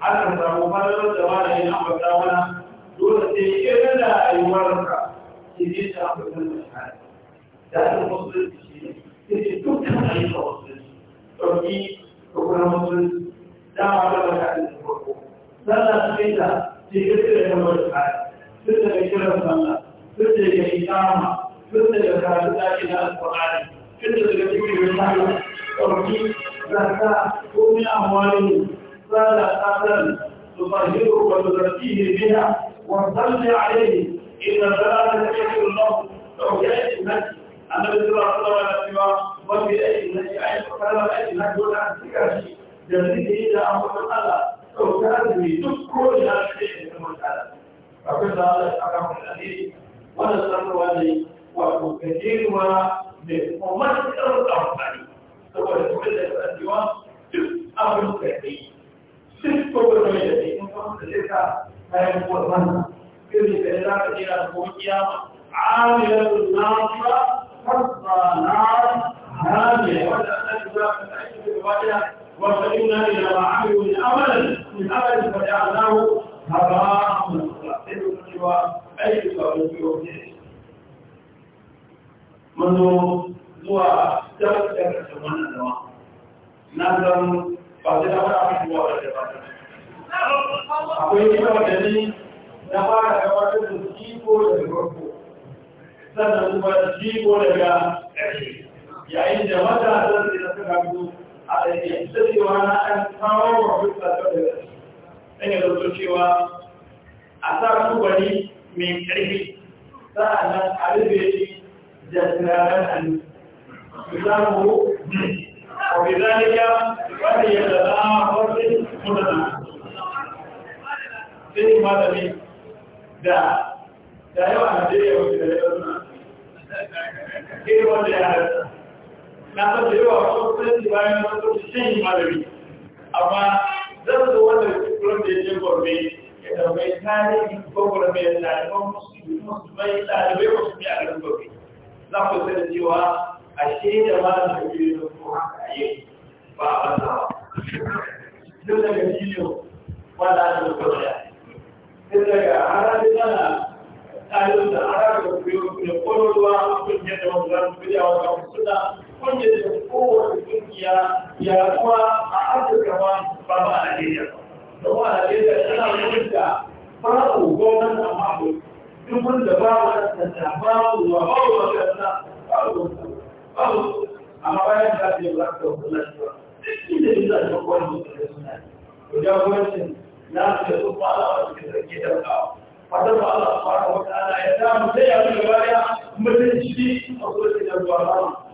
حتى تقوم بالدوام إلى أمر داونا دون تيكير لا يمرك تجيس أمر السعادة ذات المصدر تجي تكتب عليك مصدر تركي تكون لا دعوة لك sallah cikin ta ce kirkira ya kamar da kaya duk daga kiran sallah duk daga ikama duk daga karatu ɗaki na alƙur'ani duk daga cikin risala ɗauki zakka komai amwalin sallah ƙasar تطهره وتزكيه بها وصل عليه إن ثلاثة كثير الله لو جاءت النفس أنا بذل الله سوى وفي أي نفس أي فلا أي نفس ولا أنت كاشي جلده إذا أمر الله saukar da duk ko da ya shi ne da mutane akwai da aka mutane wannan sanarwa ne wato gajeruwa da kuma matsalar amfani saboda kuma da kasancewa duk abin da ya yi duk ko da ya yi in kuma da zai ka kayan wannan irin da ya ka jira ko kiyama عامل ناصرة حصى نار هامية ولا أجزاء من أجل الوجه وصلنا إلى ما عملوا من أمل من أمل فجعلناه هباء منثورا سيدنا cewa aiki ba wani biyo ne mano zuwa jan da karshen wannan zama na zan ba su da wani abin zuwa wadda ba ta akwai kima wadda ni na fara gabatar da jiko daga daga ƙarshe da mata zan sai a ɗaya sarewa na ɗan kawo wa fuska ta da ɗan ya zato cewa a sa tubali mai ƙarfi sa'an nan a rufe shi da turaren hannu zamu وبذلك فليتلاعب المتلاعب sai malami da da yawa na da yawa da yawa ke wanda ya halatta na san da yawa wasu kusanci bayan wasu ce ni malami amma zan zo wanda kuren da ya je gombe ya tambayi tarihin gwamnati mai ɗaliban musulmai ɗalibai musulmi a garin gombe za ku san cewa a shaida malam da yi da ko haka a yi ba a ba duk daga jiliyo ba da ake gwamnati duk daga harajin mana tsarin da harajin da kuma kuma kuma kuma kuma kuma kuma da kuma kuma kuma kuma wanda da kowace ya kuma a afirka ma ba ba a Najeriya da ba a Najeriya tana wurin da babu gwamnan a ba duk wanda ba wa da babu wa babu makaranta babu babu a bayan da ta ba ta wata lafiya duk inda yi za ta kwan da na suna to jagorancin na su da su fara wa suke sarki da kawo fatan ba Allah fara a ana ya samu sai ya fi gaba ya a kusurci da ruwa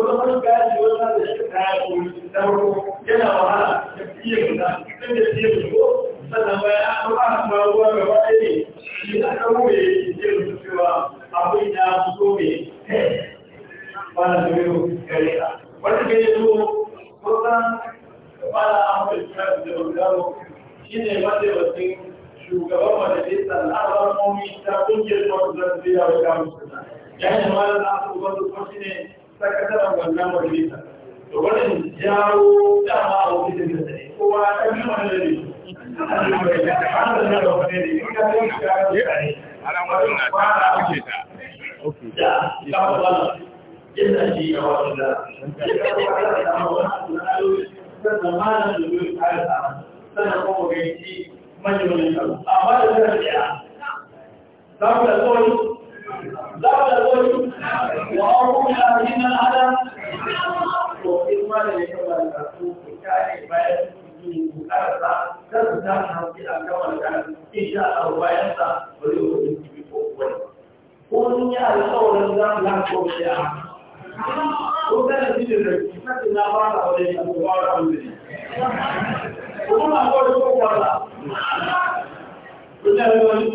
wani marigari wata da shi kaya koyi da yana wahala da fiye guda kan da fiye guda sannan bayan an kuma ruwa gaba ɗaya ne shi a ɗago ya yi fiye cewa abin ya fito ne ba na da yau gare ka wani gare zo kusan ba na amurka da bulgaro shi ne mataimakin shugaban majalisar al'adar ta kungiyar masu zarfiya wa kamun suna yayin malar na abubuwan da kuma ne sakataren wannan majalisa to wannan jawo dama a wakilin da ne kowa ta bi wani da ne Sannan kuma da ya, za ذهب الرجل وأرمها من الألم وفي المال يكمل الرسول كان يبين bukatarsa kar su ta hanci a kan wani in sha Allah bayansa ba zai wuce jibi ko wani ko sun yi alƙawarin za mu lafi ko shi a ko kana ji da rai kace na ba ta wani abu ba ta wani ko na ko ko wala ko da wani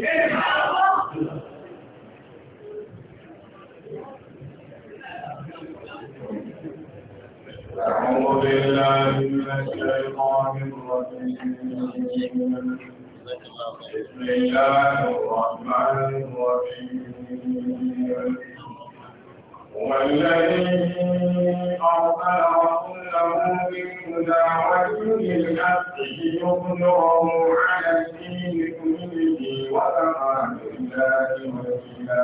أعوذ بالله بسم الله الرحمن الرحيم هو الذي رسوله بالهدى ودين الحق ليظهره على الدين كله وكفى بالله وكيلا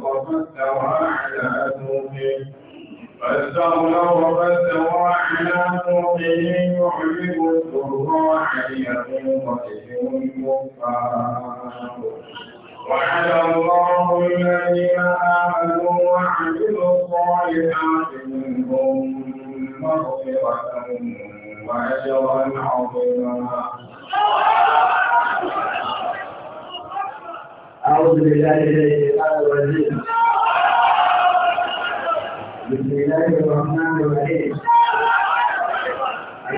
فاستوى على سوقه فاستغلوا فاستوى على سوقه يعجب الزراع يغيظ بهم الكفار وعلى الله الذين آمنوا وعملوا الصالحات منهم مغفرة وأجرا عظيما أعوذ بالله من الشيطان الرجيم بسم الله الرحمن الرحيم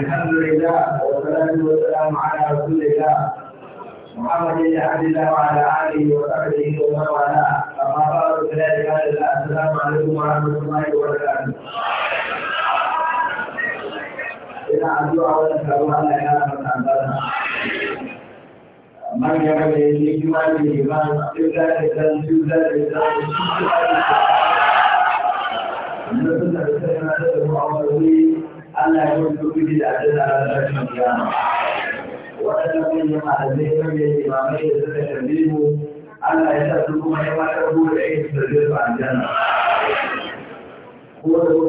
الحمد لله والصلاة والسلام على رسول الله محمد بن عبد الله وعلى آله وصحبه ومن والاه أما بعد فذلك السلام عليكم ورحمة الله وبركاته إلى أن دعوة الله يا رب العالمين Amar ya rabe ya ce da ta zai su aljanna da ko da ko da ko da ko ko da ko da ko da da ko da ko ko da da ko da ko da ko da ko da ko da da ko da da ko da ko da ko da ko da ko da ko da ko da ko da ko da ko da ko da ko da ko da da ko da da ko da da ko da ko da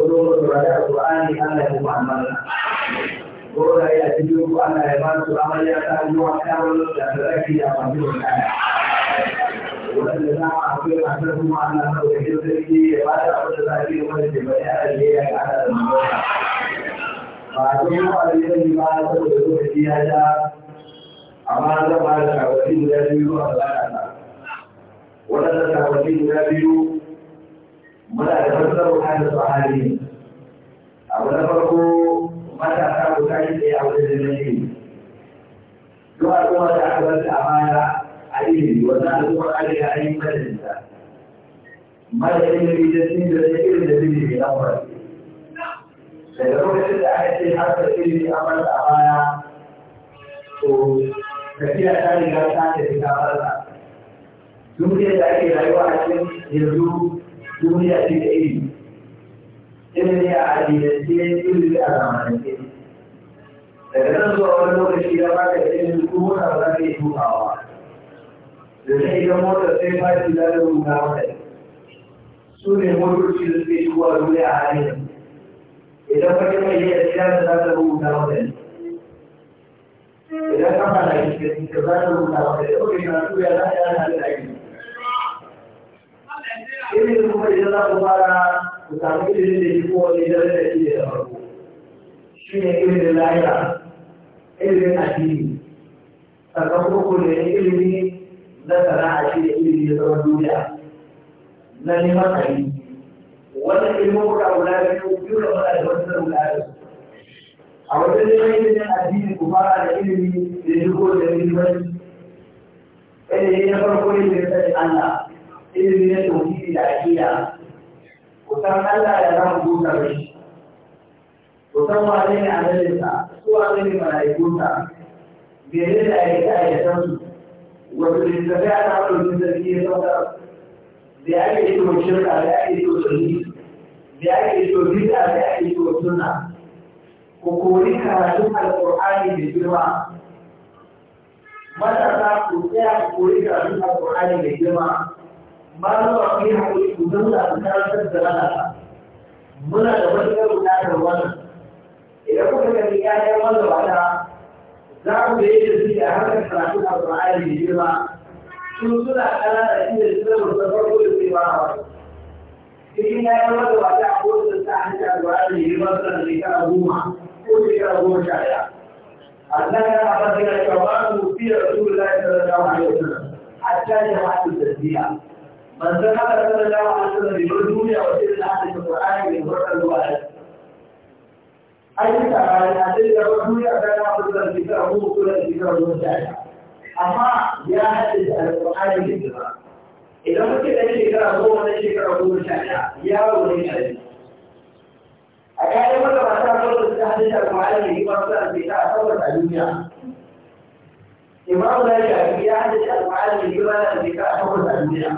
ko da ko da ko da ko gora ya ci duk ana ya ba su amarya ta yi wa kawon da zarafi da masu kaya wanda za a akwai masu kuma ana sauƙaƙin sarki ya ba da wata zafi wanda ke bayan ajiye ya kada da mawata ba a cikin kwanan yanzu ba saboda lokaci ya ja amma zan ba da shawarci guda biyu a tsakana waɗannan shawarci guda biyu muna da fassarar kan sahabi abu na farko matasa ko tashi da a wajen da nake duk al'umma da aka bar a baya a ilimi wannan al'umma an riga an yi madadin ta madadin da bi da sun da ya irin da bi da ya fara daga lokacin da aka ce har da ilimi a bar a baya to tafiya ta riga ta tafi ta farka Duniya da ake rayuwa a cikin yanzu duniya ce da ilimi ilimi a adinance ilimi a zamanance daga nan zuwa wani lokaci ba ya baka ilimi ko mota ba za ka yi tukawa da sai idan motar sai ba fashi za ta rubuta mata su ne motoci da suke shigowa dole a halin idan bakin mai yi da shiga da za ta rubuta mata
idan kafa na yi shiga cikin za ta rubuta mata da kuma
yana tuya za ta yi halin da ake ilimin kuma idan za ku fara ku samu ilimin da shi kowane dare da shi da farko shi ne ilimin lahira ilimin addini sakamakon ku ne ilimi na sana'a shi da ilimi na zaman duniya na neman ayi wannan ilimin kuka guda biyu biyu da mata da wata guda biyu a wajen neman ilimin addini ku fara da ilimi da shi kowane ilimin ilimi na farko da ya sani Allah ilimin na tauhidi da aƙida san Allah ya zama buta da shi to san wane ne annabinsa su wane ne mala'ikunsa mene ta yi ayyukan su wasu littattafai ana ɗauki sarki ya sauka da ake yi wa shirka da ake yi wa shirki da ake yi wa bid'a da ake yi wa suna. ko kori karatun alƙur'ani da girma matasa ku tsaya ku kori karatun alƙur'ani da girma malama mai haƙuri ku zan da abin karantar da rana muna da matuƙar buƙatar wannan idan kuka gani ƴaƴan wanda ba ta za ku da yadda su da harkar karatu a ƙur'ani mai girma su suna ƙanana inda su zama da farko da sai fara wani cikin ƴaƴan wanda ba ta ko da ta hanyar ƙur'ani mai girma suna da shekara goma ko shekara goma sha ɗaya Allah ya haɓar da ya shawarar mufiyar Rasulullahi sallallahu alaihi wasallam hatta jama'atul tafiya. من سمع صلى الله عليه وسلم بالرجوع وسير العهد في القرآن بالبركة الواحد أي تعالى أدل الرجوع بين عبد الكتاب وكل الكتاب المتعلق أما يا حدث القرآن بالجمع إذا ممكن أن يشكر هو من يشكر هو الشعب يا ولي الحديث أكاد يقول ما تعرف تستحدث القرآن به مرة في تعصب الدنيا إمام لا يعرف يحدث القرآن به مرة في تعصب الدنيا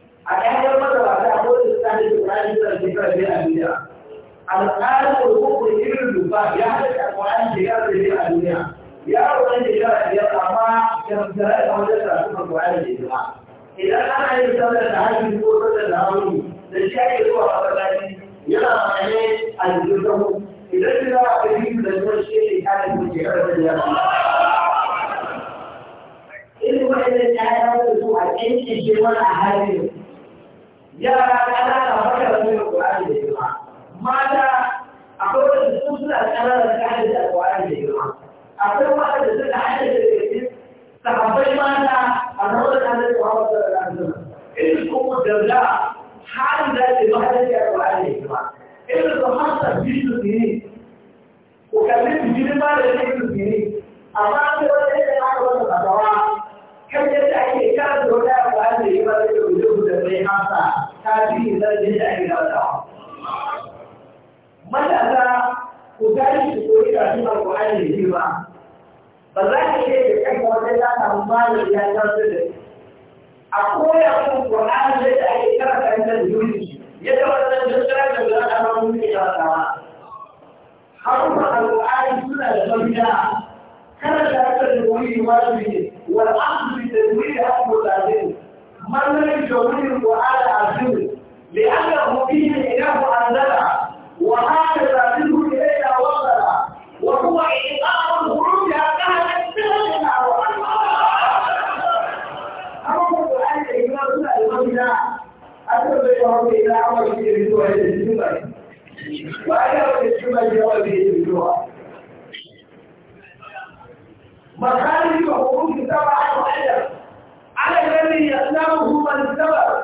a ɗayan mazaba ta kodin sani da ƙwararri da shekarar biyar a duniya al'adar hukun irin rufa ya haɗa ƙwararri shekarar biyar a duniya ya ruwan shekarar biyar amma jamsarar da wajen da suka ƙwararri idan ana yin sallar da hajji ko sallar da hannu da shi ake zuwa masallaci yana mane a jikin idan shi za a fi da zuwa shi ne kayan shekarar biyar a duniya irin waɗannan ƴaƴa wanda su a ƙanƙashe mana a halin yara ƙanana maka da mai Qur'ani da girma mata akwai wanda su suna ƙanana da hadin da Qur'ani da girma akwai wanda suka hadin da girma sahabbai mata a rawar da hadin da Qur'ani da girma irin kuma daula halin da ke mahadin da Qur'ani da girma irin su hasa bisu ne ko kallon girma da yake su ne amma akwai wanda ya aka wata fatawa kan yadda ake karanta wani abu an da yi ba da gudu da sai hamsa ta fi zargin da ake karantawa. Matasa ku tashi su koyi karatu a da ji ba. Ba za ka iya da kanka wajen ta samu da ya karanta da A koya mun Ƙwa'ani yadda ake karanta da yuri yadda wannan jirgin da za a samu mutum ya ba. Harufan al suna da mafiya. Karanta da wuri wajibi ne. والأخذ بتدوير أكبر العزيز ما الذي يجوز القرآن عزيز لأنه فيه إله أنزلع وهكذا تدعو إليه وصلع وهو إقامة الخروج عنها تكتبنا أما القرآن الإمام لا يغنى أكبر يوم إلى عمل في الجوع الجمل وأيضا الجمل يوم الجوع مخارج وخروج تبع وحيد على الذي يسلمه من سبب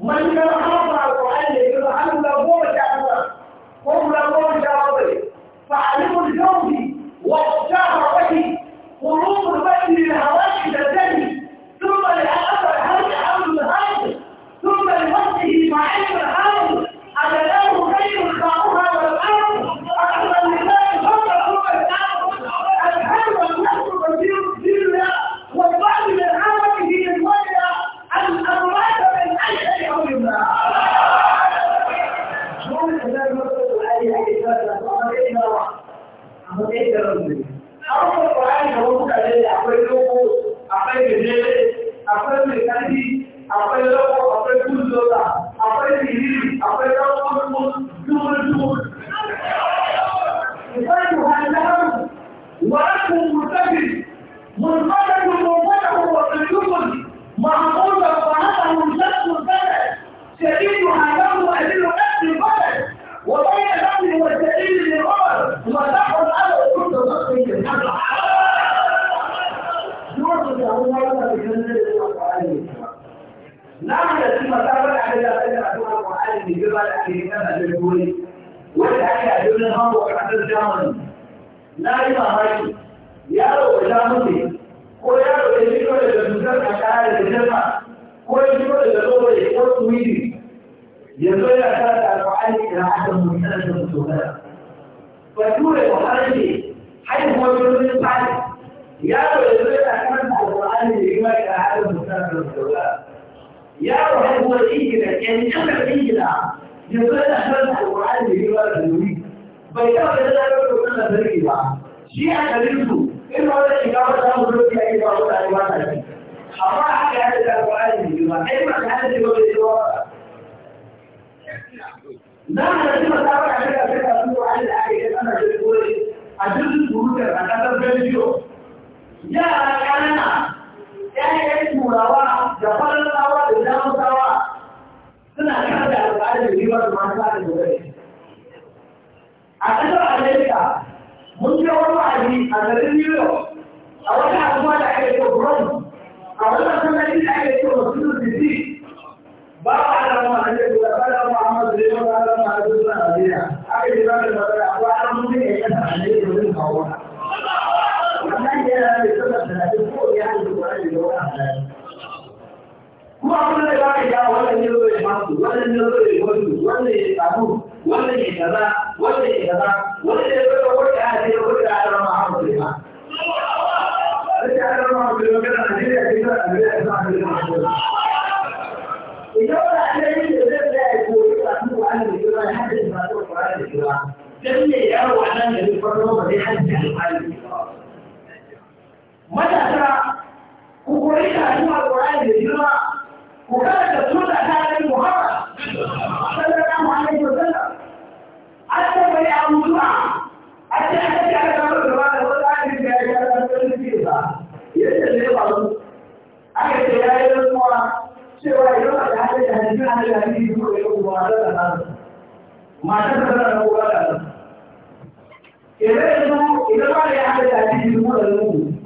من كان حافظ القرآن يجعل له جعفر قم له جعفر فعلم الجوف والشهوة قلوب البشر الهوى اللي بيبقى الكلمة بالدولي والحاجة دون الهم وحتى الجامل لا يمهي يارو بجامل ko yaro da shi kawai da dusar a kare da jama ko shi kawai da zobe ko tuwiri yanzu ya karanta alƙur'ani da aka mutane da mutane ba ture ko harshe haihuwar birnin fadi yaro yanzu ya karanta alƙur'ani da yi mai da aka mutane da mutane yaro haihuwar ingila yan kasar ingila yanzu yana shirin alƙur'ani da yiwuwa da nuri bai taɓa da zarar da wannan ba shi a garin su in ba wani shiga wata samun lokaci ake ba wata ne ba ta ci amma haka ya da alƙur'ani da yiwuwa yi ma ka hada da wani yiwuwa
na shi masawar a shiga shiga su ƙur'ani da ake yi ana
shirin a duk surutar a ƙasar belgium
yara ƙanana ‘ya'yan turawa da falasawa da
jamusawa
suna kada da
al'adar ribar mata da gobe. A ƙasar Amerika, mun ce wani wa'azi a garin New York, a wata al'umma da ake ce Brown, a wata sanayi da ake ce Wasu City, ba a alama a ce da fara Muhammadu da yawan alama a zuwa Najeriya. Aka yi da matsala, akwai alamun da ya yi ƙasar Amerika wurin kawo. kuma abin da za ka ga wannan ne zai masu wannan ne zai wasu wannan ya samu wannan ya kaza wannan ya kaza wannan ya zai wata a ce wata a rama a hankali ma wata a rama a hankali ma kana Najeriya ce kana Najeriya ce kana Najeriya ce kana idan wani alayi da zai zai ya koyi kasu ko an da kira ya haddace masu kwarar da kira dan ne yaro a nan da zai farko ba zai haddace alƙali ba matasa ku koyi da hanyar alƙur'ani da girma ku da suna ta yi muhammad sallallahu alaihi wa sallam an tabbai a mutuwa a ce a ce aka samu da ba da wata da ya ga da ke ba yadda ne ba su aka ce ya yi rantsuwa cewa idan ba da hanyar da hanyar hanyar hanyar yi kuma ya kuma da nasu masu da na kuma da nasu. Ire yanzu idan ba da ya hanyar da hanyar yi kuma da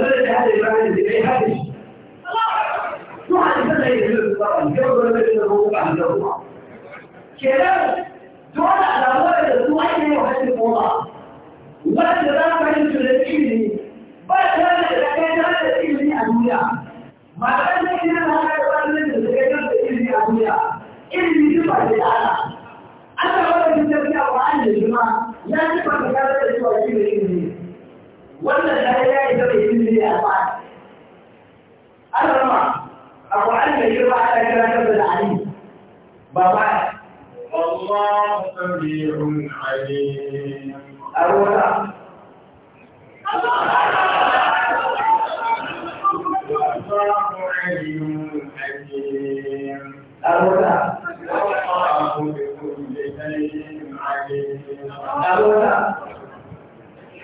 da a Ya ce ba ta kare da cewa shi ne shi ne. wannan da ya yi zama yin ne a ba an rama a ƙwa'an da girma a ɗan kira da ali ba ba Allah sabi'un alim a ruwa أرونا أرونا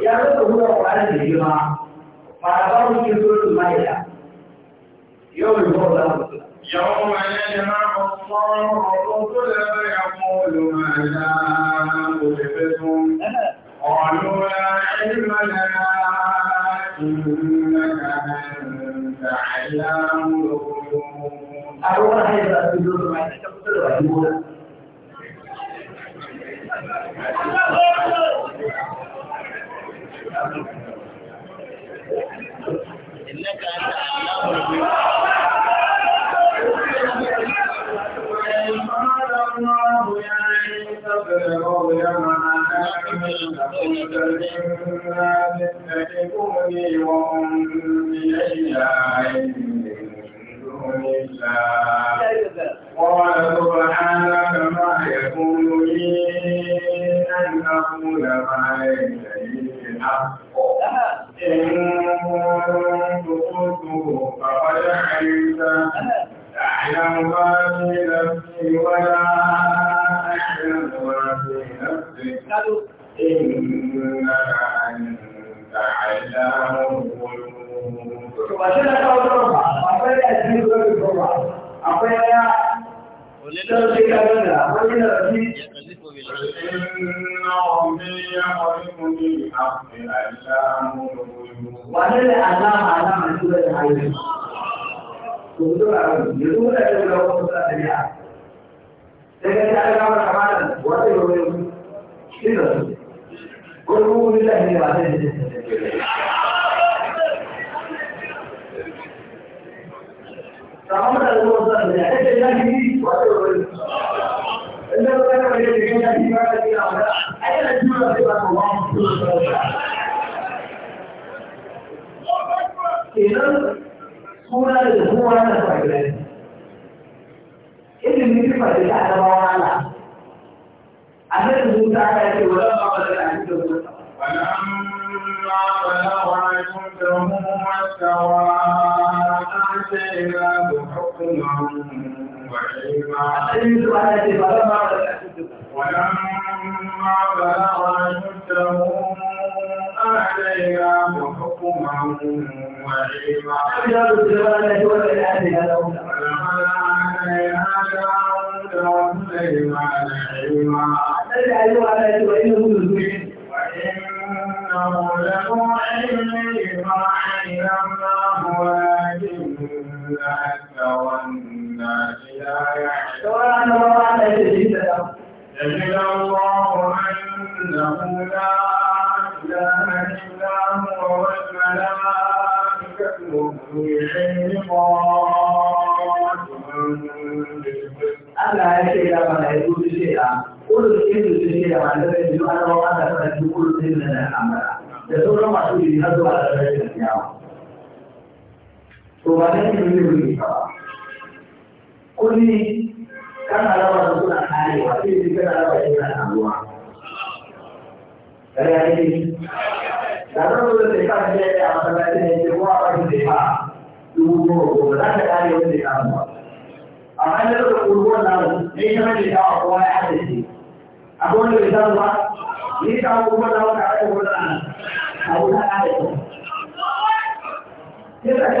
ya rasa huwa kwanan da girma fara ba mu ke so su ma'ida yau da kuma za mu kula يوم يجمع الله الرسل فيقول ماذا أجبتم قالوا لا علم لنا إنك أنت علام
الغيوب
أروح إلى سجود ما يتكفر ويقول إنك
أنت علام الغيوب
الله يا
عيسى
ابن مريم أنا أحملك الجنة تتبعني وأمي إلى عند دون الله قال سبحانك ما يكون لي إنه لمع الذين حقوا إن تؤتوا فقد علمت تعلم ما في نفسي ولا أعلم ما في نفسك إنك أنت علام الغيوب. أقول يا أقول يا إن ربي يعلم بالحق علام وهل علام علام سورة العين يقول لك لو كنت أبيع لكن تعالى كما إنه كان يتكلم في ماذا في الأعداء أين الجملة صفة الله سبحانه وتعالى إذا هنا هو أنا فاكرين إذن من كيف تتعلم وعلا أنا الموسى على ولما بدل عن كل ولما بلغ عنكم واستوى أعطيناه حكما ولما بلغ أشده
آتيناه
حكما وعلما ولقد آتينا داود وسليمان علما وإنه لذو علم لما علمناه ولكن أكثر الناس سواء ما كان يجد شهد الله أنه لا إله إلا هو والملائكة وأولي العلم ya su da da yawa to ba kuɗi kana raba da suna karewa sai ne kana raba shi na samuwa kare ne da zan zo da tefa da ya yi a masallaci ne ce kuma a bakin tefa dubu goma goma za ka kare wani tefa ba amma da zaka kurkuwan namu ne ya mace ta wa kowa ya haddace akwai wanda bai samu ba ni ta kurkuwan namu ka aka kurkuwan namu a wuta haddace. Yadda ake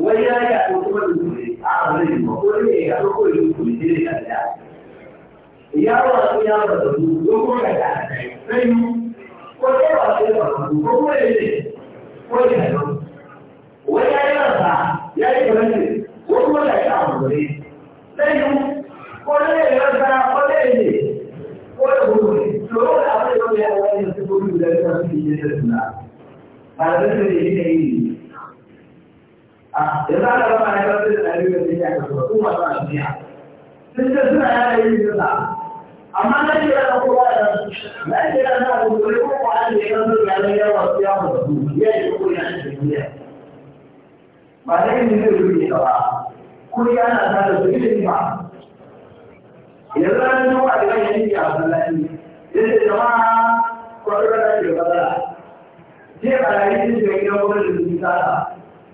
Wani ya yi a kuma da dutse a abin ba ko ne ya zo ko da dutse ne da Ya yaro a ya yaro da dutse ko kuma da da sai mu ko da ba sai ba ko kuma ne ko da da Wani ya yi ba ya yi kamar ne ko kuma da a abu ne sai mu ko da ya rasa ko da ne ko da kuma ne to da abin da ya yi wani su ko da ya rasa shi ne da suna ba da ne ne ne Ah, yanzu da da ba a duniya sun ce suna jinsa amma na da na ke rana a kuma ko ko da yanzu da su ya yi ko ya ba da yin jinsa da ba ya na da su ilimi ba da a masallaci yadda da ke bazara a yayin da ke gidan gwamnati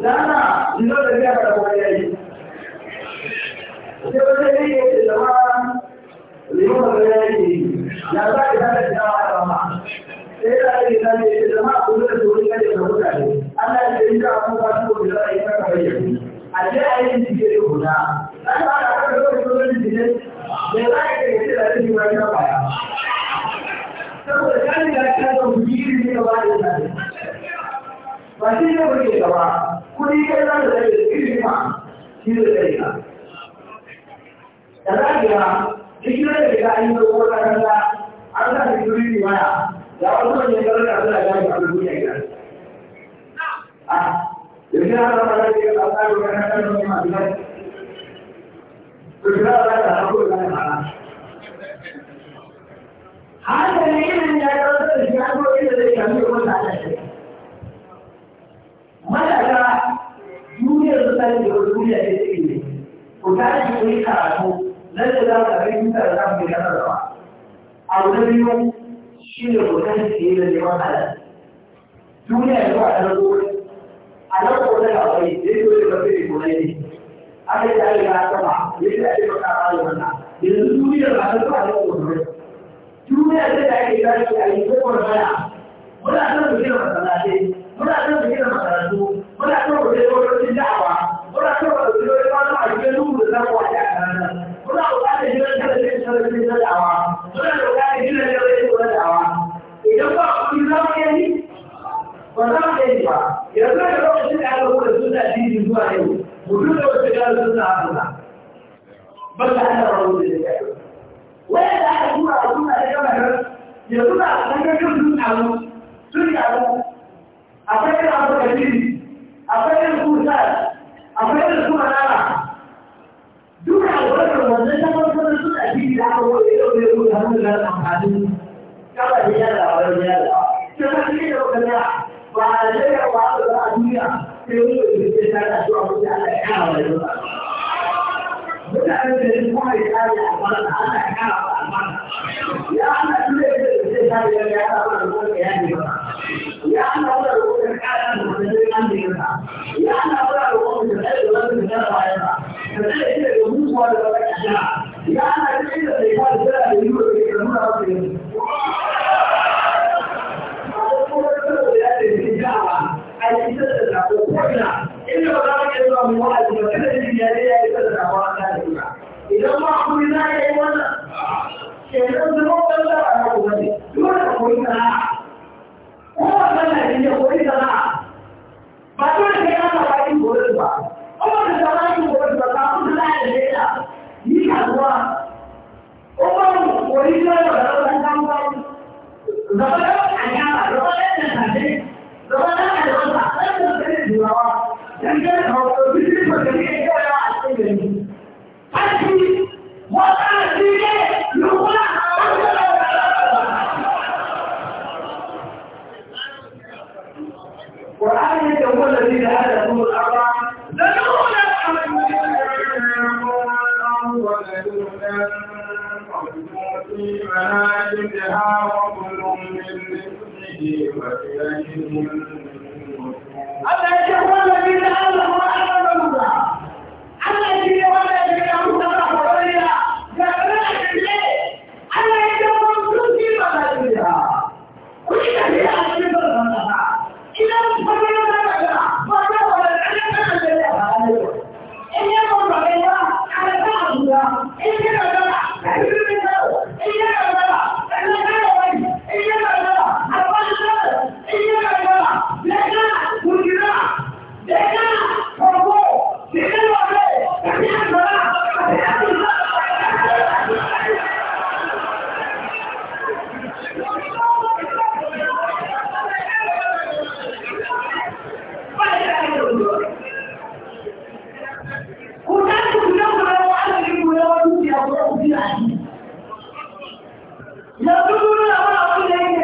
Lana, ni zo da biya da yayi.